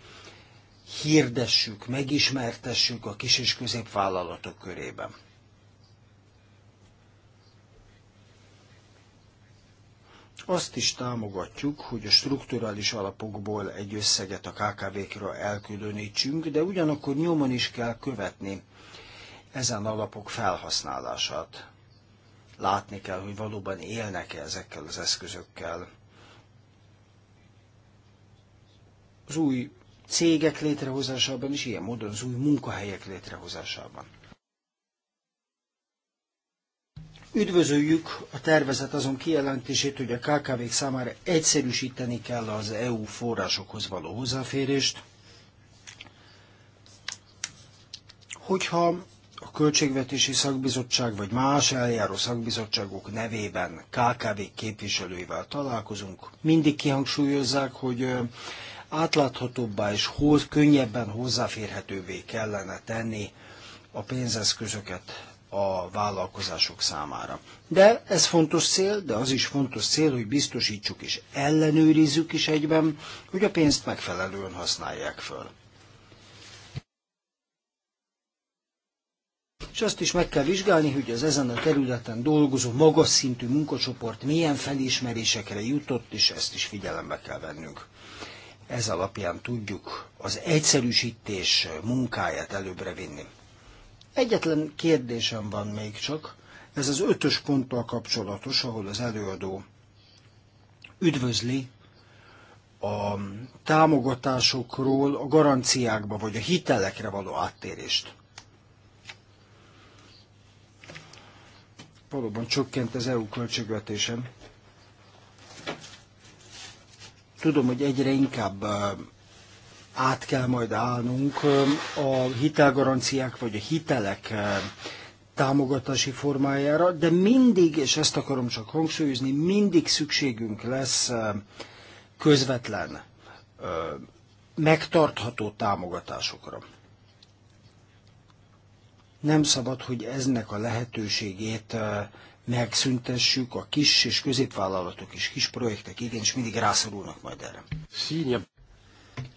hirdessük, megismertessük a kis- és középvállalatok körében. Azt is támogatjuk, hogy a strukturális alapokból egy összeget a KKV-kra elkülönítsünk, de ugyanakkor nyomon is kell követni ezen alapok felhasználását. Látni kell, hogy valóban élnek-e ezekkel az eszközökkel. Az új cégek létrehozásában és ilyen módon az új munkahelyek létrehozásában. Üdvözöljük a tervezet azon kijelentését, hogy a KKV-k számára egyszerűsíteni kell az EU forrásokhoz való hozzáférést. Hogyha a Költségvetési Szakbizottság vagy más eljáró szakbizottságok nevében KKV képviselőivel találkozunk, mindig kihangsúlyozzák, hogy átláthatóbbá és hoz, könnyebben hozzáférhetővé kellene tenni a pénzeszközöket a vállalkozások számára. De ez fontos cél, de az is fontos cél, hogy biztosítsuk és ellenőrizzük is egyben, hogy a pénzt megfelelően használják föl. És azt is meg kell vizsgálni, hogy az ezen a területen dolgozó magas szintű munkacsoport milyen felismerésekre jutott, és ezt is figyelembe kell vennünk. Ez alapján tudjuk az egyszerűsítés munkáját előbbre vinni. Egyetlen kérdésem van még csak, ez az ötös ponttal kapcsolatos, ahol az előadó üdvözli a támogatásokról a garanciákba vagy a hitelekre való áttérést. Valóban csökkent az EU költségvetésem, Tudom, hogy egyre inkább át kell majd állnunk a hitelgaranciák vagy a hitelek támogatási formájára, de mindig, és ezt akarom csak hangsúlyozni, mindig szükségünk lesz közvetlen, megtartható támogatásokra. Nem szabad, hogy eznek a lehetőségét megszüntessük, a kis és középvállalatok és kis projektek igen, és mindig rászorulnak majd erre. Színje.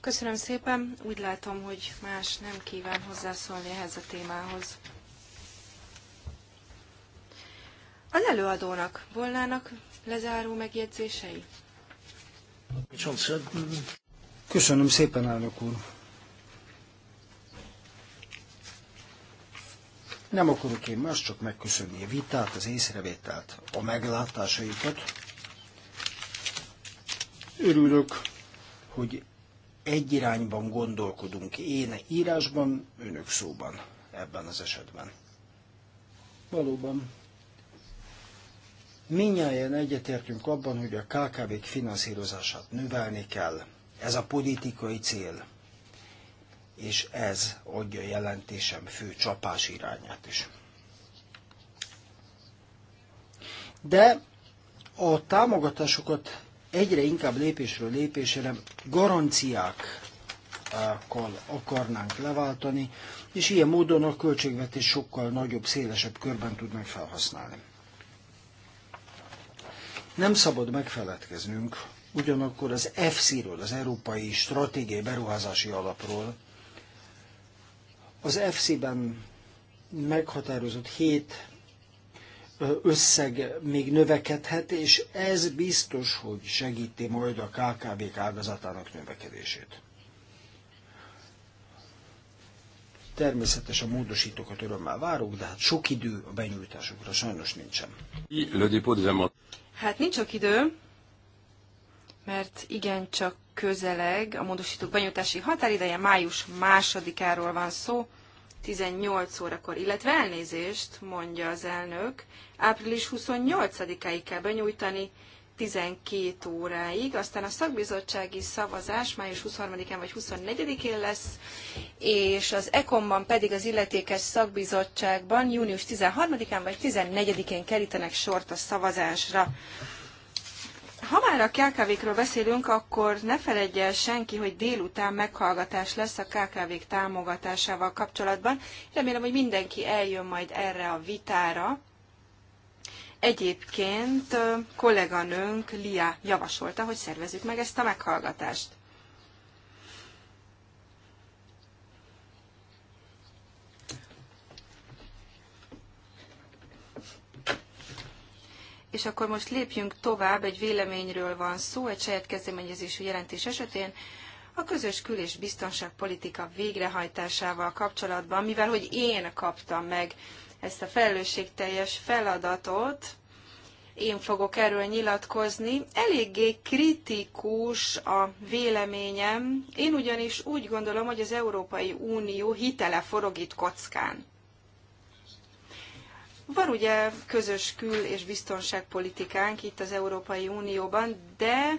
Köszönöm szépen. Úgy látom, hogy más nem kíván hozzászólni ehhez a témához. Az előadónak volnának lezáró megjegyzései? Köszönöm szépen, elnök úr. Nem akarok én más, csak megköszönni a vitát, az észrevételt, a meglátásaikat. Örülök, hogy egy irányban gondolkodunk, én írásban, önök szóban ebben az esetben. Valóban. Minnyáján egyetértünk abban, hogy a KKV-k finanszírozását növelni kell. Ez a politikai cél és ez adja jelentésem fő csapás irányát is. De a támogatásokat egyre inkább lépésről lépésre garanciákkal akarnánk leváltani, és ilyen módon a költségvetés sokkal nagyobb, szélesebb körben tudnánk felhasználni. Nem szabad megfeledkeznünk ugyanakkor az EFSZ-ről, az Európai Stratégiai Beruházási Alapról, az FC-ben meghatározott hét összeg még növekedhet, és ez biztos, hogy segíti majd a KKV ágazatának növekedését. Természetesen a módosítókat örömmel várok, de hát sok idő a benyújtásokra sajnos nincsen. Hát nincs sok idő, mert igencsak közeleg a módosítók benyújtási határideje május másodikáról van szó, 18 órakor, illetve elnézést, mondja az elnök, április 28-áig kell benyújtani, 12 óráig, aztán a szakbizottsági szavazás május 23-án vagy 24-én lesz, és az ECOM-ban pedig az illetékes szakbizottságban június 13-án vagy 14-én kerítenek sort a szavazásra. Ha már a kkv beszélünk, akkor ne feledje el senki, hogy délután meghallgatás lesz a KKV-k támogatásával kapcsolatban. Remélem, hogy mindenki eljön majd erre a vitára. Egyébként kolléganőnk Lia javasolta, hogy szervezzük meg ezt a meghallgatást. És akkor most lépjünk tovább, egy véleményről van szó, egy saját kezdeményezésű jelentés esetén, a közös kül- és biztonságpolitika végrehajtásával kapcsolatban, mivel hogy én kaptam meg ezt a felelősségteljes feladatot, én fogok erről nyilatkozni. Eléggé kritikus a véleményem. Én ugyanis úgy gondolom, hogy az Európai Unió hitele forog itt kockán. Van ugye közös kül- és biztonságpolitikánk itt az Európai Unióban, de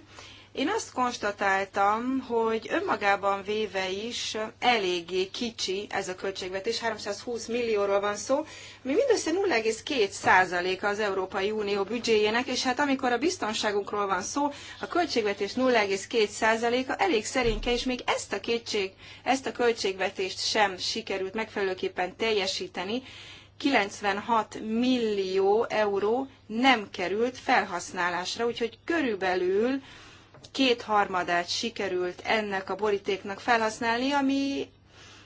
én azt konstatáltam, hogy önmagában véve is eléggé kicsi ez a költségvetés, 320 millióról van szó, ami mindössze 0,2% az Európai Unió büdzséjének, és hát amikor a biztonságunkról van szó, a költségvetés 0,2%-a elég szerénke, és még ezt a, kétség, ezt a költségvetést sem sikerült megfelelőképpen teljesíteni, 96 millió euró nem került felhasználásra, úgyhogy körülbelül kétharmadát sikerült ennek a borítéknak felhasználni, ami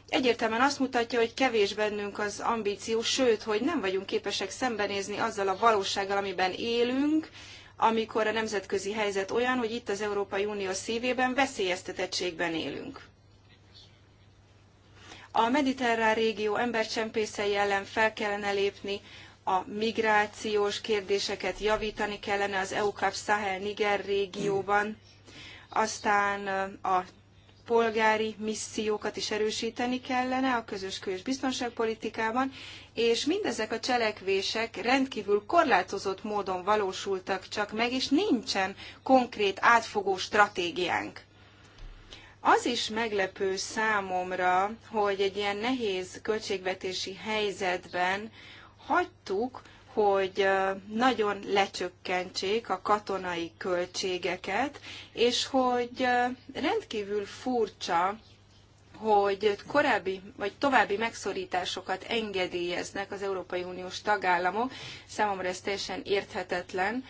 egyértelműen azt mutatja, hogy kevés bennünk az ambíció, sőt, hogy nem vagyunk képesek szembenézni azzal a valósággal, amiben élünk, amikor a nemzetközi helyzet olyan, hogy itt az Európai Unió szívében veszélyeztetettségben élünk. A mediterrán régió embercsempészei ellen fel kellene lépni, a migrációs kérdéseket javítani kellene az EUCAP Sahel Niger régióban, aztán a polgári missziókat is erősíteni kellene a közös kül- és biztonságpolitikában, és mindezek a cselekvések rendkívül korlátozott módon valósultak csak meg, és nincsen konkrét átfogó stratégiánk. Az is meglepő számomra, hogy egy ilyen nehéz költségvetési helyzetben hagytuk, hogy nagyon lecsökkentsék a katonai költségeket, és hogy rendkívül furcsa, hogy korábbi vagy további megszorításokat engedélyeznek az Európai Uniós tagállamok. Számomra ez teljesen érthetetlen,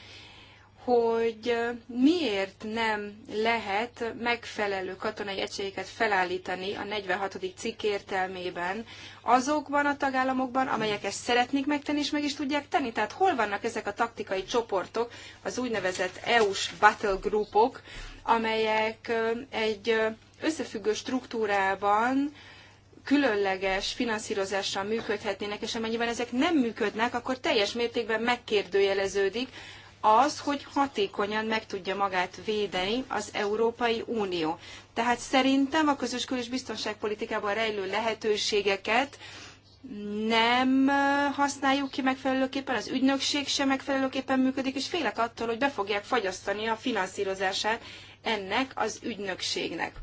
hogy miért nem lehet megfelelő katonai egységeket felállítani a 46. cikk értelmében azokban a tagállamokban, amelyek ezt szeretnék megtenni, és meg is tudják tenni. Tehát hol vannak ezek a taktikai csoportok, az úgynevezett EU-s battle groupok, amelyek egy összefüggő struktúrában különleges finanszírozással működhetnének, és amennyiben ezek nem működnek, akkor teljes mértékben megkérdőjeleződik az, hogy hatékonyan meg tudja magát védeni az Európai Unió. Tehát szerintem a közös kül- és biztonságpolitikában rejlő lehetőségeket nem használjuk ki megfelelőképpen, az ügynökség sem megfelelőképpen működik, és félek attól, hogy be fogják fagyasztani a finanszírozását ennek az ügynökségnek.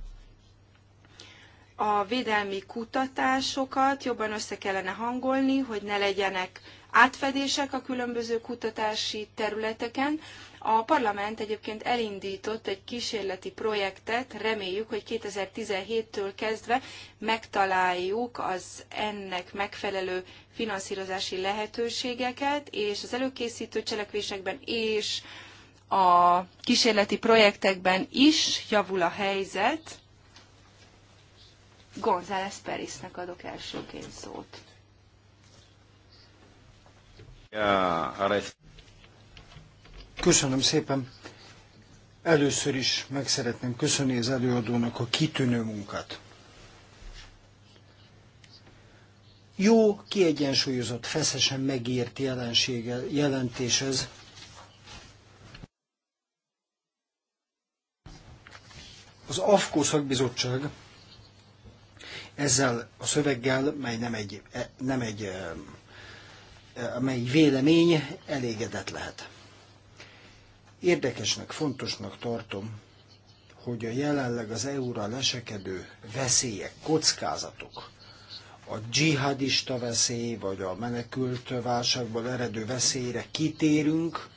A védelmi kutatásokat jobban össze kellene hangolni, hogy ne legyenek átfedések a különböző kutatási területeken. A parlament egyébként elindított egy kísérleti projektet, reméljük, hogy 2017-től kezdve megtaláljuk az ennek megfelelő finanszírozási lehetőségeket, és az előkészítő cselekvésekben és a kísérleti projektekben is javul a helyzet. González Perisnek adok elsőként szót. Köszönöm szépen. Először is meg szeretném köszönni az előadónak a kitűnő munkát. Jó, kiegyensúlyozott, feszesen megírt jelensége, jelentés ez. Az AFKO szakbizottság ezzel a szöveggel, mely nem egy, e, nem egy e, amely vélemény elégedett lehet. Érdekesnek, fontosnak tartom, hogy a jelenleg az EU-ra lesekedő veszélyek, kockázatok, a dzsihadista veszély, vagy a menekült válságból eredő veszélyre kitérünk,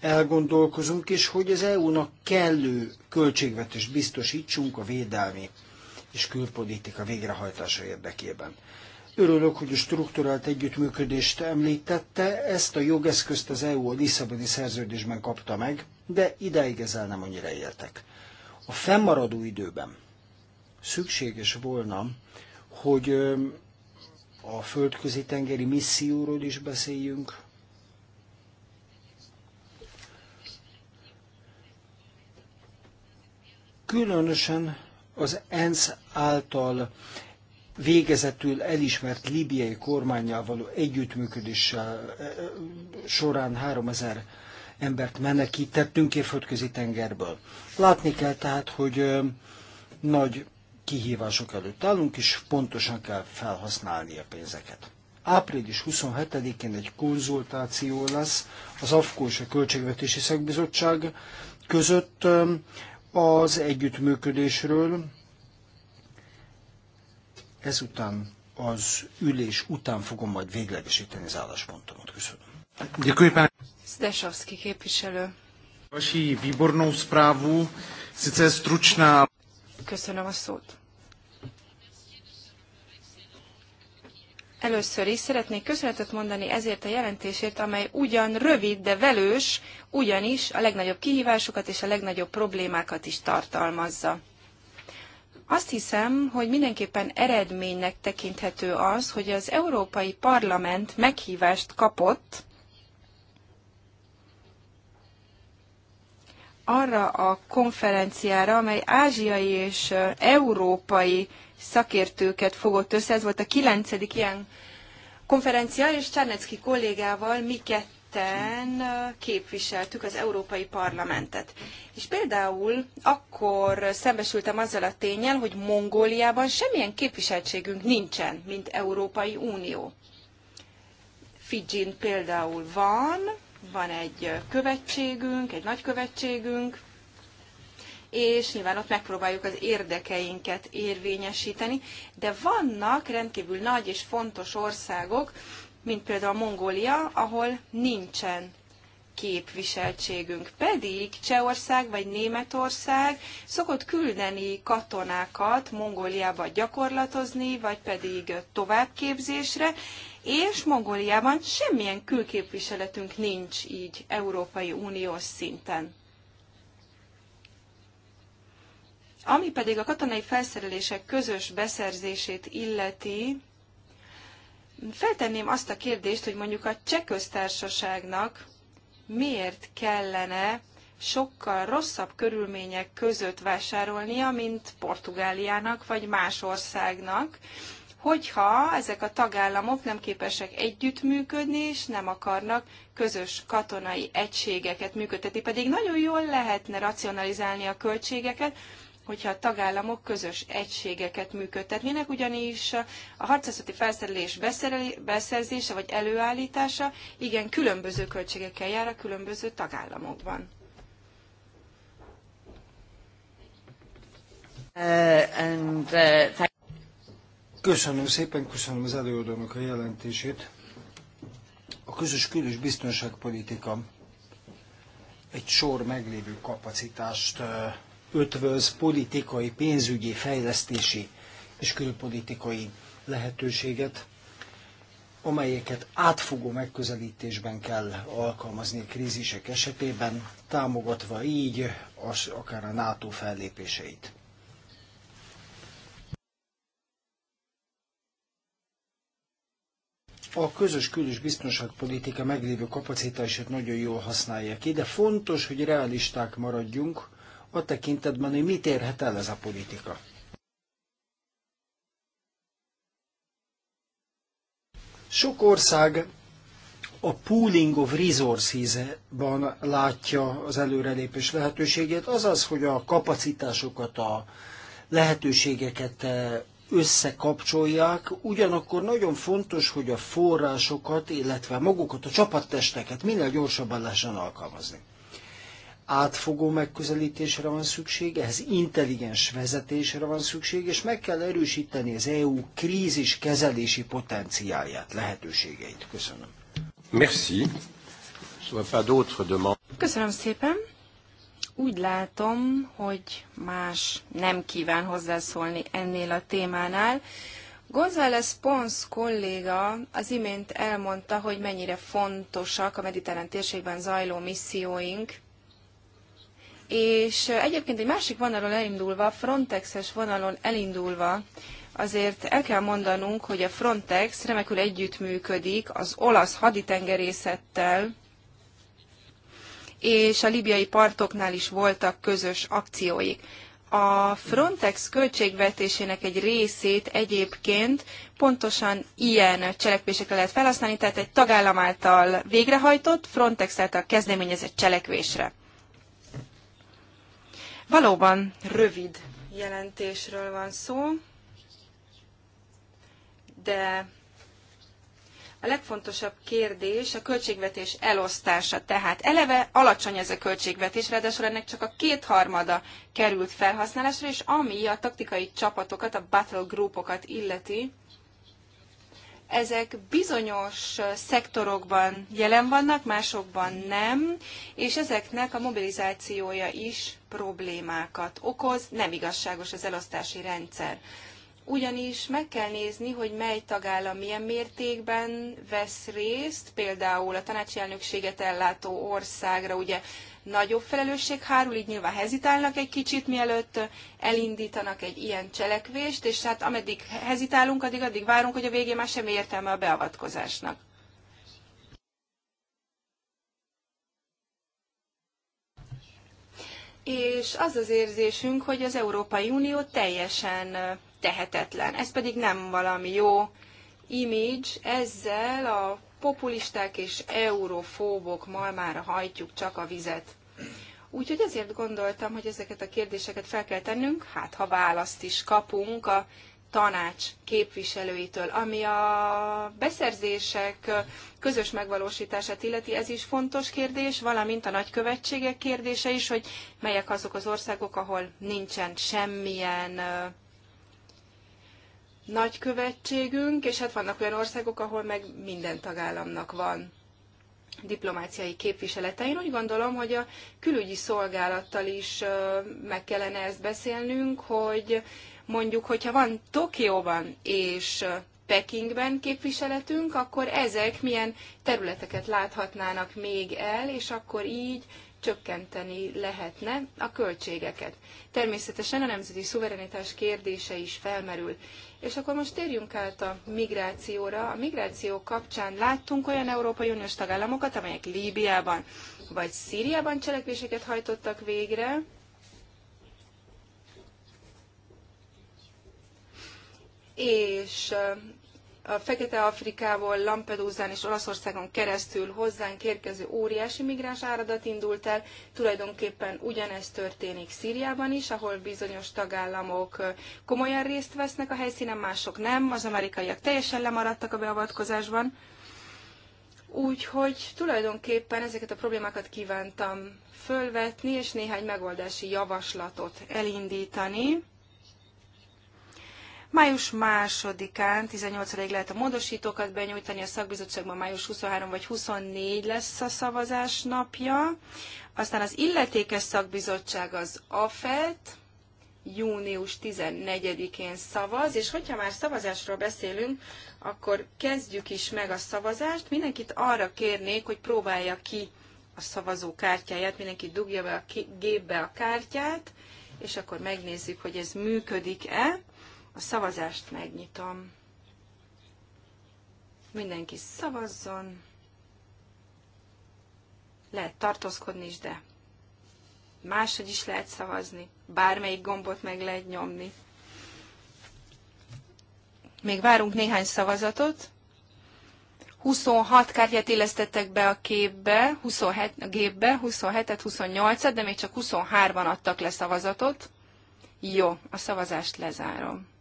elgondolkozunk, és hogy az EU-nak kellő költségvetést biztosítsunk a védelmi és külpolitika végrehajtása érdekében. Örülök, hogy a strukturált együttműködést említette, ezt a jogeszközt az EU a Lisszaboni szerződésben kapta meg, de ideig ezzel nem annyira éltek. A fennmaradó időben szükséges volna, hogy a földközi tengeri misszióról is beszéljünk, különösen az ENSZ által végezetül elismert libiai kormányjal való együttműködés eh, eh, során 3000 embert menekítettünk földközi tengerből. Látni kell tehát, hogy eh, nagy kihívások előtt állunk, és pontosan kell felhasználni a pénzeket. Április 27-én egy konzultáció lesz az AFKO és a Költségvetési Szakbizottság között az együttműködésről, Ezután az ülés után fogom majd véglegesíteni az álláspontomat. Köszönöm. Zdesovszki képviselő. Vaši výbornou zprávu, sice stručná. Köszönöm a szót. Először is szeretnék köszönetet mondani ezért a jelentésért, amely ugyan rövid, de velős, ugyanis a legnagyobb kihívásokat és a legnagyobb problémákat is tartalmazza. Azt hiszem, hogy mindenképpen eredménynek tekinthető az, hogy az Európai Parlament meghívást kapott arra a konferenciára, amely ázsiai és európai szakértőket fogott össze. Ez volt a kilencedik ilyen konferencia, és Csárnecki kollégával mi ketten héten képviseltük az Európai Parlamentet. És például akkor szembesültem azzal a tényel, hogy Mongóliában semmilyen képviseltségünk nincsen, mint Európai Unió. Fidzsin például van, van egy követségünk, egy nagykövetségünk, és nyilván ott megpróbáljuk az érdekeinket érvényesíteni, de vannak rendkívül nagy és fontos országok, mint például a Mongólia, ahol nincsen képviseltségünk. Pedig Csehország vagy Németország szokott küldeni katonákat Mongóliába gyakorlatozni, vagy pedig továbbképzésre, és Mongóliában semmilyen külképviseletünk nincs így Európai Uniós szinten. Ami pedig a katonai felszerelések közös beszerzését illeti, feltenném azt a kérdést, hogy mondjuk a cseh köztársaságnak miért kellene sokkal rosszabb körülmények között vásárolnia, mint Portugáliának vagy más országnak, hogyha ezek a tagállamok nem képesek együttműködni, és nem akarnak közös katonai egységeket működtetni, pedig nagyon jól lehetne racionalizálni a költségeket, hogyha a tagállamok közös egységeket működtetnének, ugyanis a harcászati felszerelés beszerzése vagy előállítása igen különböző költségekkel jár a különböző tagállamokban. Uh, uh, köszönöm szépen, köszönöm az előadónak a jelentését. A közös külös biztonságpolitika egy sor meglévő kapacitást uh, ötvöz politikai, pénzügyi, fejlesztési és külpolitikai lehetőséget, amelyeket átfogó megközelítésben kell alkalmazni a krízisek esetében, támogatva így az, akár a NATO fellépéseit. a közös külös biztonságpolitika meglévő kapacitását nagyon jól használja ki, de fontos, hogy realisták maradjunk, a tekintetben, hogy mit érhet el ez a politika. Sok ország a pooling of resources-ban látja az előrelépés lehetőségét, azaz, hogy a kapacitásokat, a lehetőségeket eh, összekapcsolják, ugyanakkor nagyon fontos, hogy a forrásokat, illetve magukat, a csapattesteket minél gyorsabban lehessen alkalmazni átfogó megközelítésre van szükség, ehhez intelligens vezetésre van szükség, és meg kell erősíteni az EU krízis kezelési potenciálját, lehetőségeit. Köszönöm. Merci. Köszönöm szépen. Úgy látom, hogy más nem kíván hozzászólni ennél a témánál. González Pons kolléga az imént elmondta, hogy mennyire fontosak a mediterrán térségben zajló misszióink, és egyébként egy másik vonalon elindulva, Frontexes vonalon elindulva, azért el kell mondanunk, hogy a Frontex remekül együttműködik az olasz haditengerészettel, és a libiai partoknál is voltak közös akcióik. A Frontex költségvetésének egy részét egyébként pontosan ilyen cselekvésekre lehet felhasználni, tehát egy tagállam által végrehajtott, Frontex által kezdeményezett cselekvésre. Valóban rövid jelentésről van szó, de a legfontosabb kérdés a költségvetés elosztása. Tehát eleve alacsony ez a költségvetés, ráadásul ennek csak a kétharmada került felhasználásra, és ami a taktikai csapatokat, a battle groupokat illeti, ezek bizonyos szektorokban jelen vannak, másokban nem, és ezeknek a mobilizációja is problémákat okoz, nem igazságos az elosztási rendszer ugyanis meg kell nézni, hogy mely tagállam milyen mértékben vesz részt, például a tanácsi elnökséget ellátó országra ugye nagyobb felelősség hárul, így nyilván hezitálnak egy kicsit, mielőtt elindítanak egy ilyen cselekvést, és hát ameddig hezitálunk, addig addig várunk, hogy a végén már semmi értelme a beavatkozásnak. és az az érzésünk, hogy az Európai Unió teljesen tehetetlen. Ez pedig nem valami jó image, ezzel a populisták és eurofóbok malmára hajtjuk csak a vizet. Úgyhogy ezért gondoltam, hogy ezeket a kérdéseket fel kell tennünk, hát ha választ is kapunk a tanács képviselőitől, ami a beszerzések közös megvalósítását illeti, ez is fontos kérdés, valamint a nagykövetségek kérdése is, hogy melyek azok az országok, ahol nincsen semmilyen nagykövetségünk, és hát vannak olyan országok, ahol meg minden tagállamnak van diplomáciai képviselete. Én úgy gondolom, hogy a külügyi szolgálattal is meg kellene ezt beszélnünk, hogy mondjuk, hogyha van Tokióban és Pekingben képviseletünk, akkor ezek milyen területeket láthatnának még el, és akkor így csökkenteni lehetne a költségeket. Természetesen a nemzeti szuverenitás kérdése is felmerül. És akkor most térjünk át a migrációra. A migráció kapcsán láttunk olyan Európai Uniós tagállamokat, amelyek Líbiában vagy Szíriában cselekvéseket hajtottak végre, és Fekete-Afrikából, Lampedusán és Olaszországon keresztül hozzánk érkező óriási migráns áradat indult el. Tulajdonképpen ugyanezt történik Szíriában is, ahol bizonyos tagállamok komolyan részt vesznek a helyszínen, mások nem. Az amerikaiak teljesen lemaradtak a beavatkozásban. Úgyhogy tulajdonképpen ezeket a problémákat kívántam fölvetni, és néhány megoldási javaslatot elindítani Május másodikán 18-ig lehet a módosítókat benyújtani, a szakbizottságban május 23 vagy 24 lesz a szavazás napja. Aztán az illetékes szakbizottság az AFET, június 14-én szavaz, és hogyha már szavazásról beszélünk, akkor kezdjük is meg a szavazást. Mindenkit arra kérnék, hogy próbálja ki a szavazó kártyáját, mindenki dugja be a gépbe a kártyát, és akkor megnézzük, hogy ez működik-e. A szavazást megnyitom. Mindenki szavazzon. Lehet tartózkodni is, de máshogy is lehet szavazni. Bármelyik gombot meg lehet nyomni. Még várunk néhány szavazatot. 26 kártyát illesztettek be a képbe, 27, a gépbe, 27-et, 28-et, de még csak 23-an adtak le szavazatot. Jó, a szavazást lezárom.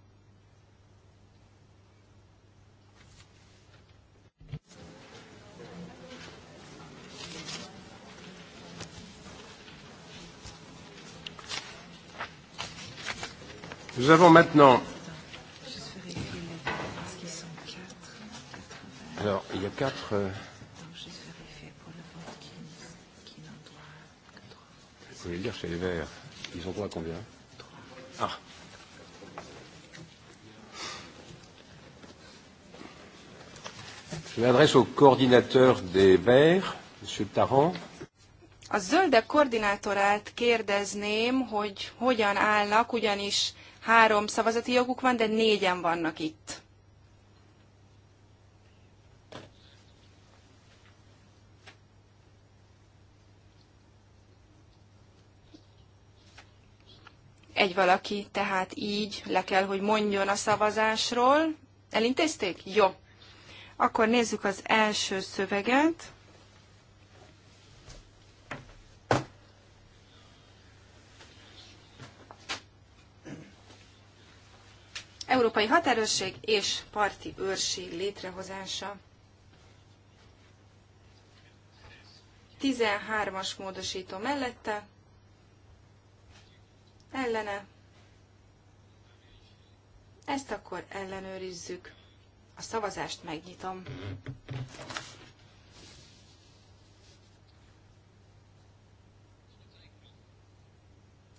Nous avons maintenant. Alors, il y a quatre. Euh... Vous voulez dire chez les Verts Ils ont droit à combien Ah Je m'adresse au coordinateur des Verts, M. Tarrant. A zöldek koordinátorát kérdezném, hogy hogyan állnak, ugyanis Három szavazati joguk van, de négyen vannak itt. egy valaki tehát így le kell, hogy mondjon a szavazásról. Elintézték? Jó. Akkor nézzük az első szöveget. Európai Határőrség és Parti Őrség létrehozása. 13-as módosító mellette, ellene, ezt akkor ellenőrizzük. A szavazást megnyitom.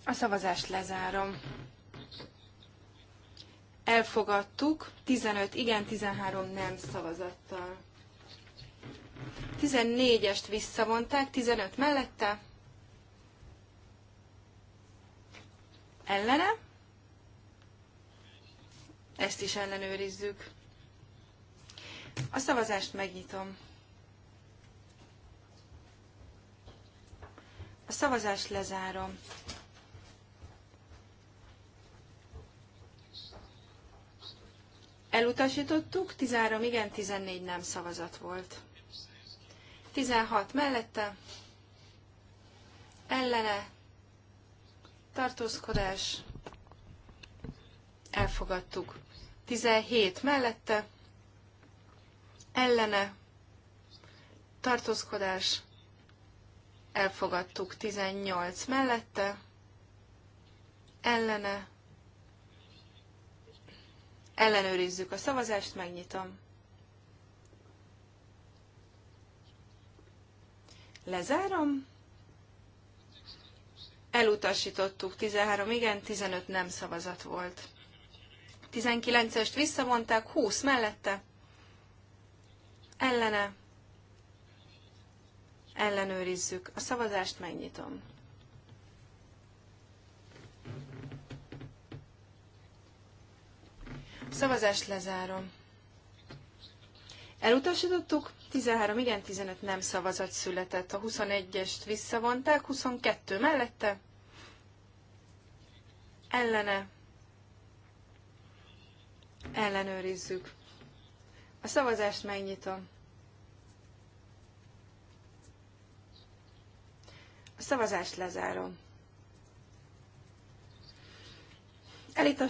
A szavazást lezárom elfogadtuk 15 igen, 13 nem szavazattal. 14-est visszavonták, 15 mellette. Ellene? Ezt is ellenőrizzük. A szavazást megnyitom. A szavazást lezárom. Elutasítottuk, 13 igen, 14 nem szavazat volt. 16 mellette, ellene, tartózkodás, elfogadtuk. 17 mellette, ellene, tartózkodás, elfogadtuk. 18 mellette, ellene, Ellenőrizzük a szavazást, megnyitom. Lezárom. Elutasítottuk, 13 igen, 15 nem szavazat volt. 19-est visszavonták, 20 mellette. Ellene. Ellenőrizzük. A szavazást megnyitom. Szavazást lezárom. Elutasítottuk, 13 igen, 15 nem szavazat született. A 21-est visszavonták, 22 mellette. Ellene. Ellenőrizzük. A szavazást megnyitom. A szavazást lezárom.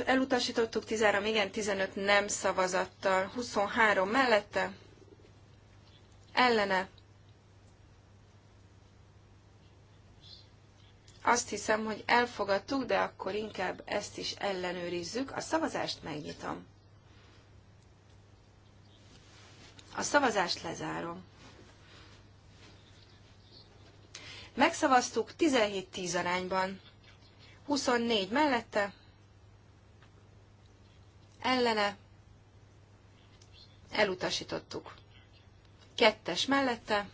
Elutasítottuk 13 igen, 15 nem szavazattal, 23 mellette, ellene. Azt hiszem, hogy elfogadtuk, de akkor inkább ezt is ellenőrizzük. A szavazást megnyitom. A szavazást lezárom. Megszavaztuk 17-10 arányban. 24 mellette, ellene, elutasítottuk. Kettes mellette,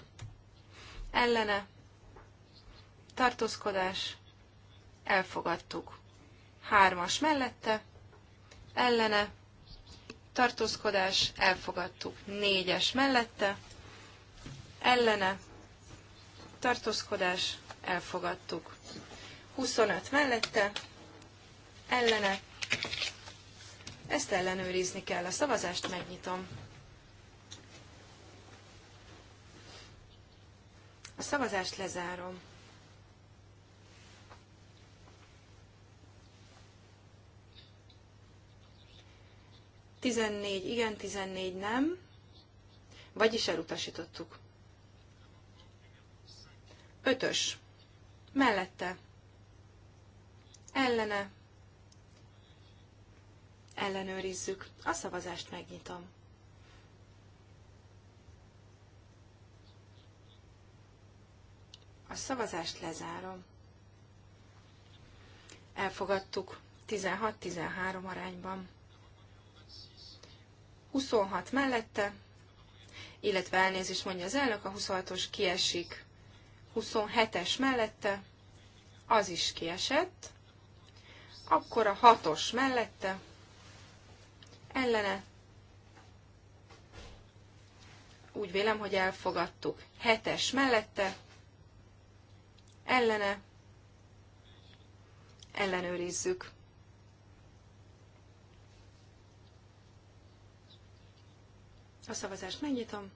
ellene, tartózkodás, elfogadtuk. Hármas mellette, ellene, tartózkodás, elfogadtuk. Négyes mellette, ellene, tartózkodás, elfogadtuk. 25 mellette, ellene, ezt ellenőrizni kell. A szavazást megnyitom. A szavazást lezárom. Tizennégy igen, tizennégy nem, vagyis elutasítottuk. Ötös. Mellette. Ellene ellenőrizzük. A szavazást megnyitom. A szavazást lezárom. Elfogadtuk 16-13 arányban. 26 mellette, illetve elnézést mondja az elnök, a 26-os kiesik. 27-es mellette, az is kiesett. Akkor a 6-os mellette, ellene. Úgy vélem, hogy elfogadtuk. Hetes mellette, ellene, ellenőrizzük. A szavazást megnyitom,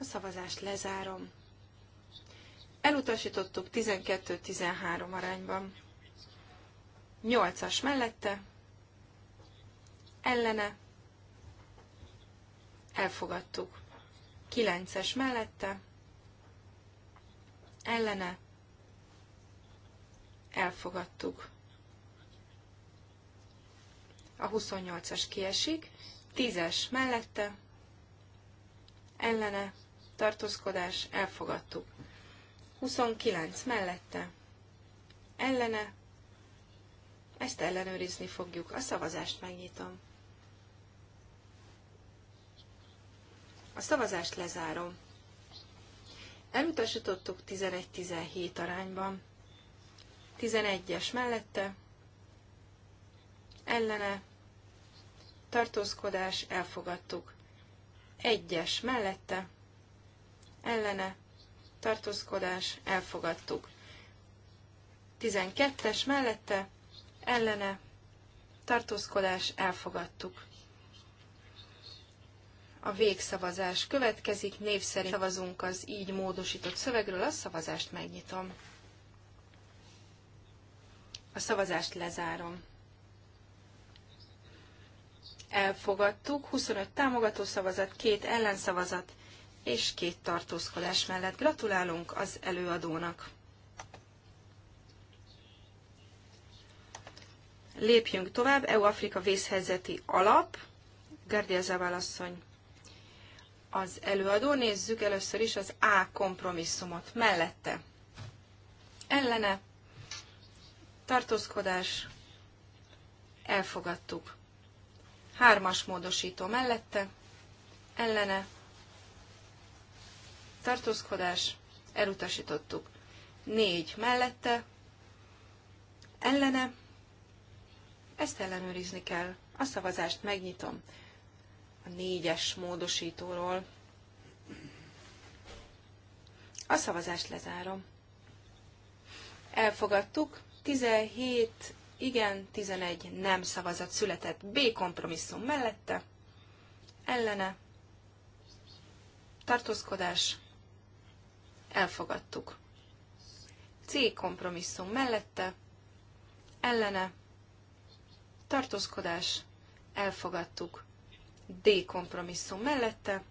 a szavazást lezárom. Elutasítottuk 12-13 arányban. 8-as mellette, ellene elfogadtuk. kilences mellette ellene elfogadtuk. A 28-as kiesik, Tízes mellette ellene tartózkodás elfogadtuk. 29 mellette ellene ezt ellenőrizni fogjuk. A szavazást megnyitom. A szavazást lezárom. Elutasítottuk 11-17 arányban. 11-es mellette, ellene, tartózkodás, elfogadtuk. 1-es mellette, ellene, tartózkodás, elfogadtuk. 12-es mellette, ellene, tartózkodás, elfogadtuk. A végszavazás következik, név szerint szavazunk az így módosított szövegről, a szavazást megnyitom. A szavazást lezárom. Elfogadtuk, 25 támogató szavazat, 2 ellenszavazat és 2 tartózkodás mellett. Gratulálunk az előadónak! Lépjünk tovább, EU-Afrika vészhelyzeti alap. Gerdia Zavalasszony az előadó. Nézzük először is az A kompromisszumot mellette. Ellene tartózkodás elfogadtuk. Hármas módosító mellette ellene tartózkodás elutasítottuk. Négy mellette ellene ezt ellenőrizni kell. A szavazást megnyitom a négyes módosítóról. A szavazást lezárom. Elfogadtuk. 17 igen, 11 nem szavazat született B kompromisszum mellette, ellene, tartózkodás, elfogadtuk. C kompromisszum mellette, ellene, tartózkodás, elfogadtuk. D kompromisszum mellette,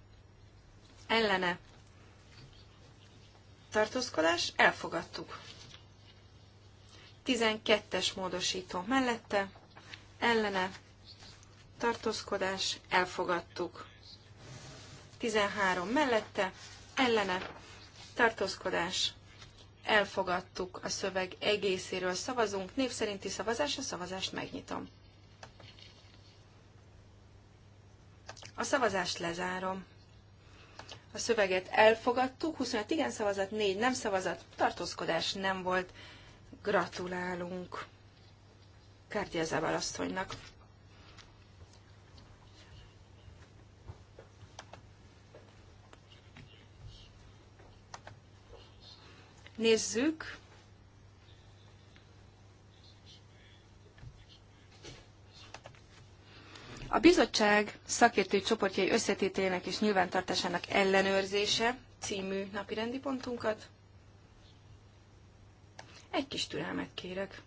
ellene, tartózkodás, elfogadtuk. 12-es módosító mellette, ellene, tartózkodás, elfogadtuk. 13 mellette, ellene, tartózkodás, elfogadtuk. A szöveg egészéről szavazunk, név szerinti szavazás, a szavazást megnyitom. A szavazást lezárom. A szöveget elfogadtuk, 25 igen szavazat, 4 nem szavazat, tartózkodás nem volt. Gratulálunk Kártya Zabal asszonynak. Nézzük A bizottság szakértői csoportjai összetételének és nyilvántartásának ellenőrzése című napirendi pontunkat. Egy kis türelmet kérek.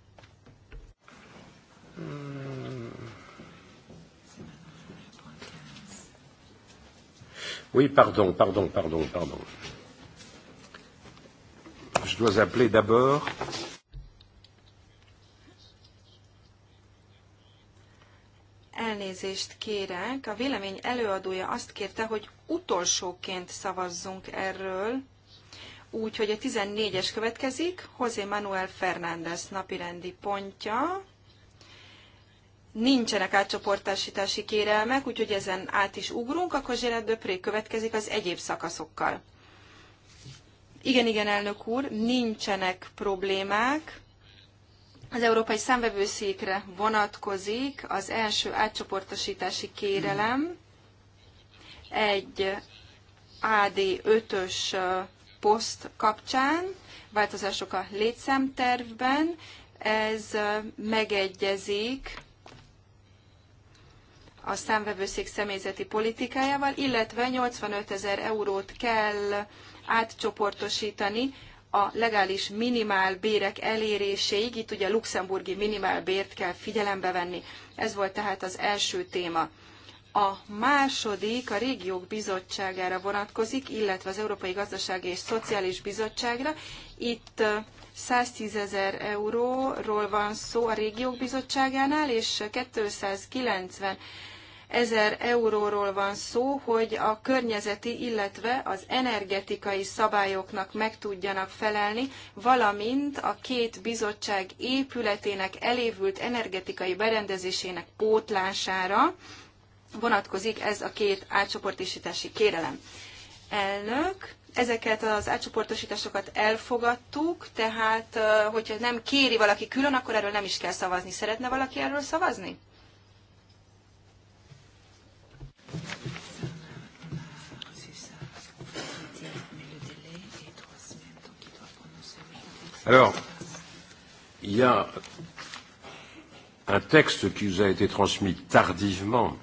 Oui, pardon, pardon, pardon, pardon. Je dois appeler d'abord elnézést kérek. A vélemény előadója azt kérte, hogy utolsóként szavazzunk erről, úgyhogy a 14-es következik, José Manuel Fernández napirendi pontja. Nincsenek átcsoportosítási kérelmek, úgyhogy ezen át is ugrunk, akkor Zsélet Döpré következik az egyéb szakaszokkal. Igen, igen, elnök úr, nincsenek problémák az Európai Számvevőszékre vonatkozik az első átcsoportosítási kérelem egy AD5-ös poszt kapcsán, változások a létszámtervben, ez megegyezik a számvevőszék személyzeti politikájával, illetve 85 ezer eurót kell átcsoportosítani a legális minimálbérek eléréséig, itt ugye luxemburgi minimálbért kell figyelembe venni. Ez volt tehát az első téma. A második a régiók bizottságára vonatkozik, illetve az Európai Gazdasági és Szociális Bizottságra. Itt 110 ezer euróról van szó a régiók bizottságánál, és 290 ezer euróról van szó, hogy a környezeti, illetve az energetikai szabályoknak meg tudjanak felelni, valamint a két bizottság épületének elévült energetikai berendezésének pótlására vonatkozik ez a két átcsoportosítási kérelem. Elnök, ezeket az átcsoportosításokat elfogadtuk, tehát hogyha nem kéri valaki külön, akkor erről nem is kell szavazni. Szeretne valaki erről szavazni? Alors, il y a un texte qui vous a été transmis tardivement.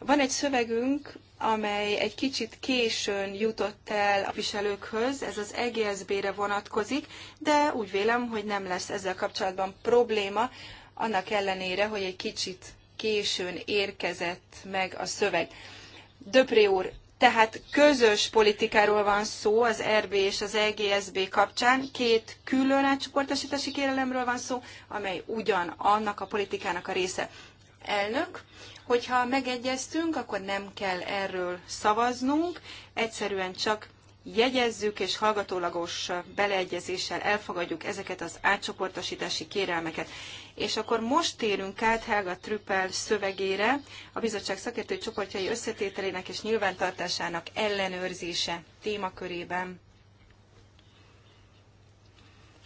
Van egy szövegünk, amely egy kicsit későn jutott el a viselőkhöz, ez az EGSB-re vonatkozik, de úgy vélem, hogy nem lesz ezzel kapcsolatban probléma, annak ellenére, hogy egy kicsit későn érkezett meg a szöveg. Döpré úr tehát közös politikáról van szó az RB és az EGSB kapcsán, két külön átcsoportosítási kérelemről van szó, amely ugyan annak a politikának a része. Elnök, hogyha megegyeztünk, akkor nem kell erről szavaznunk, egyszerűen csak jegyezzük, és hallgatólagos beleegyezéssel elfogadjuk ezeket az átcsoportosítási kérelmeket. És akkor most térünk át Helga Trüppel szövegére, a bizottság szakértői csoportjai összetételének és nyilvántartásának ellenőrzése témakörében.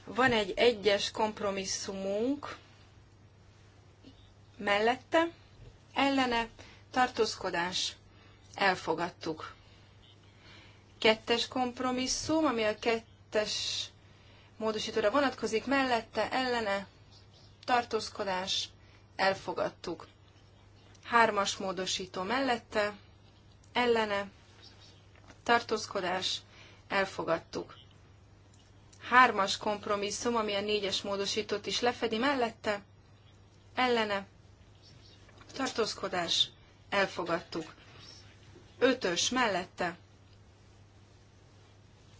Van egy egyes kompromisszumunk mellette, ellene tartózkodás, elfogadtuk. Kettes kompromisszum, ami a kettes módosítóra vonatkozik, mellette, ellene, tartózkodás, elfogadtuk. Hármas módosító mellette, ellene, tartózkodás, elfogadtuk. Hármas kompromisszum, ami a négyes módosítót is lefedi mellette, ellene, tartózkodás, elfogadtuk. Ötös mellette,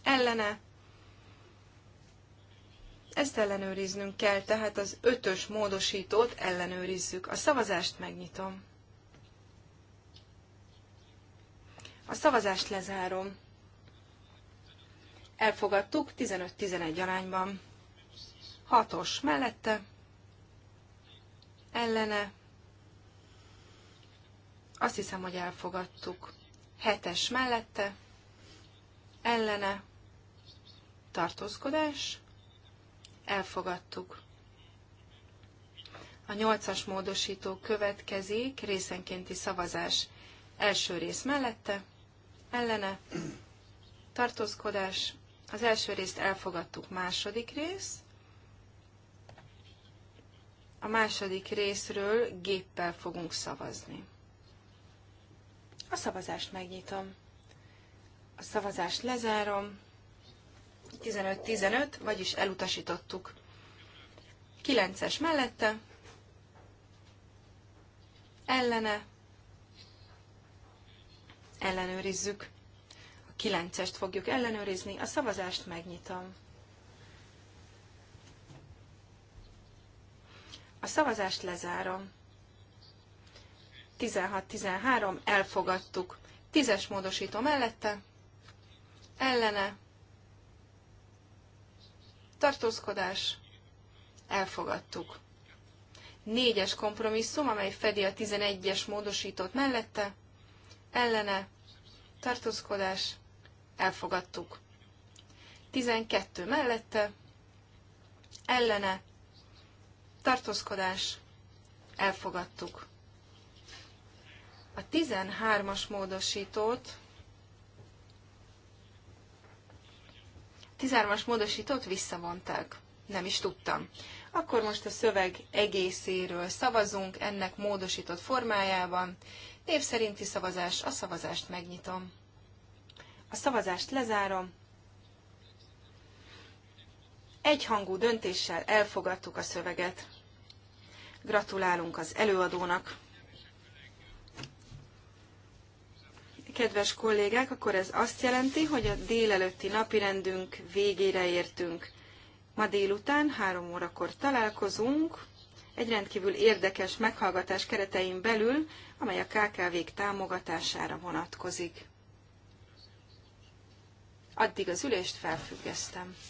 ellene. Ezt ellenőriznünk kell, tehát az ötös módosítót ellenőrizzük. A szavazást megnyitom. A szavazást lezárom. Elfogadtuk 15-11 arányban. Hatos mellette. Ellene. Azt hiszem, hogy elfogadtuk. Hetes mellette. Ellene tartózkodás, elfogadtuk. A nyolcas módosító következik, részenkénti szavazás első rész mellette, ellene, tartózkodás, az első részt elfogadtuk, második rész, a második részről géppel fogunk szavazni. A szavazást megnyitom. A szavazást lezárom. 15-15, vagyis elutasítottuk. 9-es mellette, ellene, ellenőrizzük. A 9-est fogjuk ellenőrizni, a szavazást megnyitom. A szavazást lezárom. 16-13, elfogadtuk. 10-es módosító mellette, ellene, tartózkodás, elfogadtuk. Négyes kompromisszum, amely fedi a 11-es módosítót mellette, ellene, tartózkodás, elfogadtuk. 12 mellette, ellene, tartózkodás, elfogadtuk. A 13-as módosítót 13-as módosítót visszavonták. Nem is tudtam. Akkor most a szöveg egészéről szavazunk ennek módosított formájában. Név szerinti szavazás, a szavazást megnyitom. A szavazást lezárom. Egyhangú döntéssel elfogadtuk a szöveget. Gratulálunk az előadónak! Kedves kollégák, akkor ez azt jelenti, hogy a délelőtti napirendünk végére értünk. Ma délután három órakor találkozunk egy rendkívül érdekes meghallgatás keretein belül, amely a KKV-k támogatására vonatkozik. Addig az ülést felfüggesztem.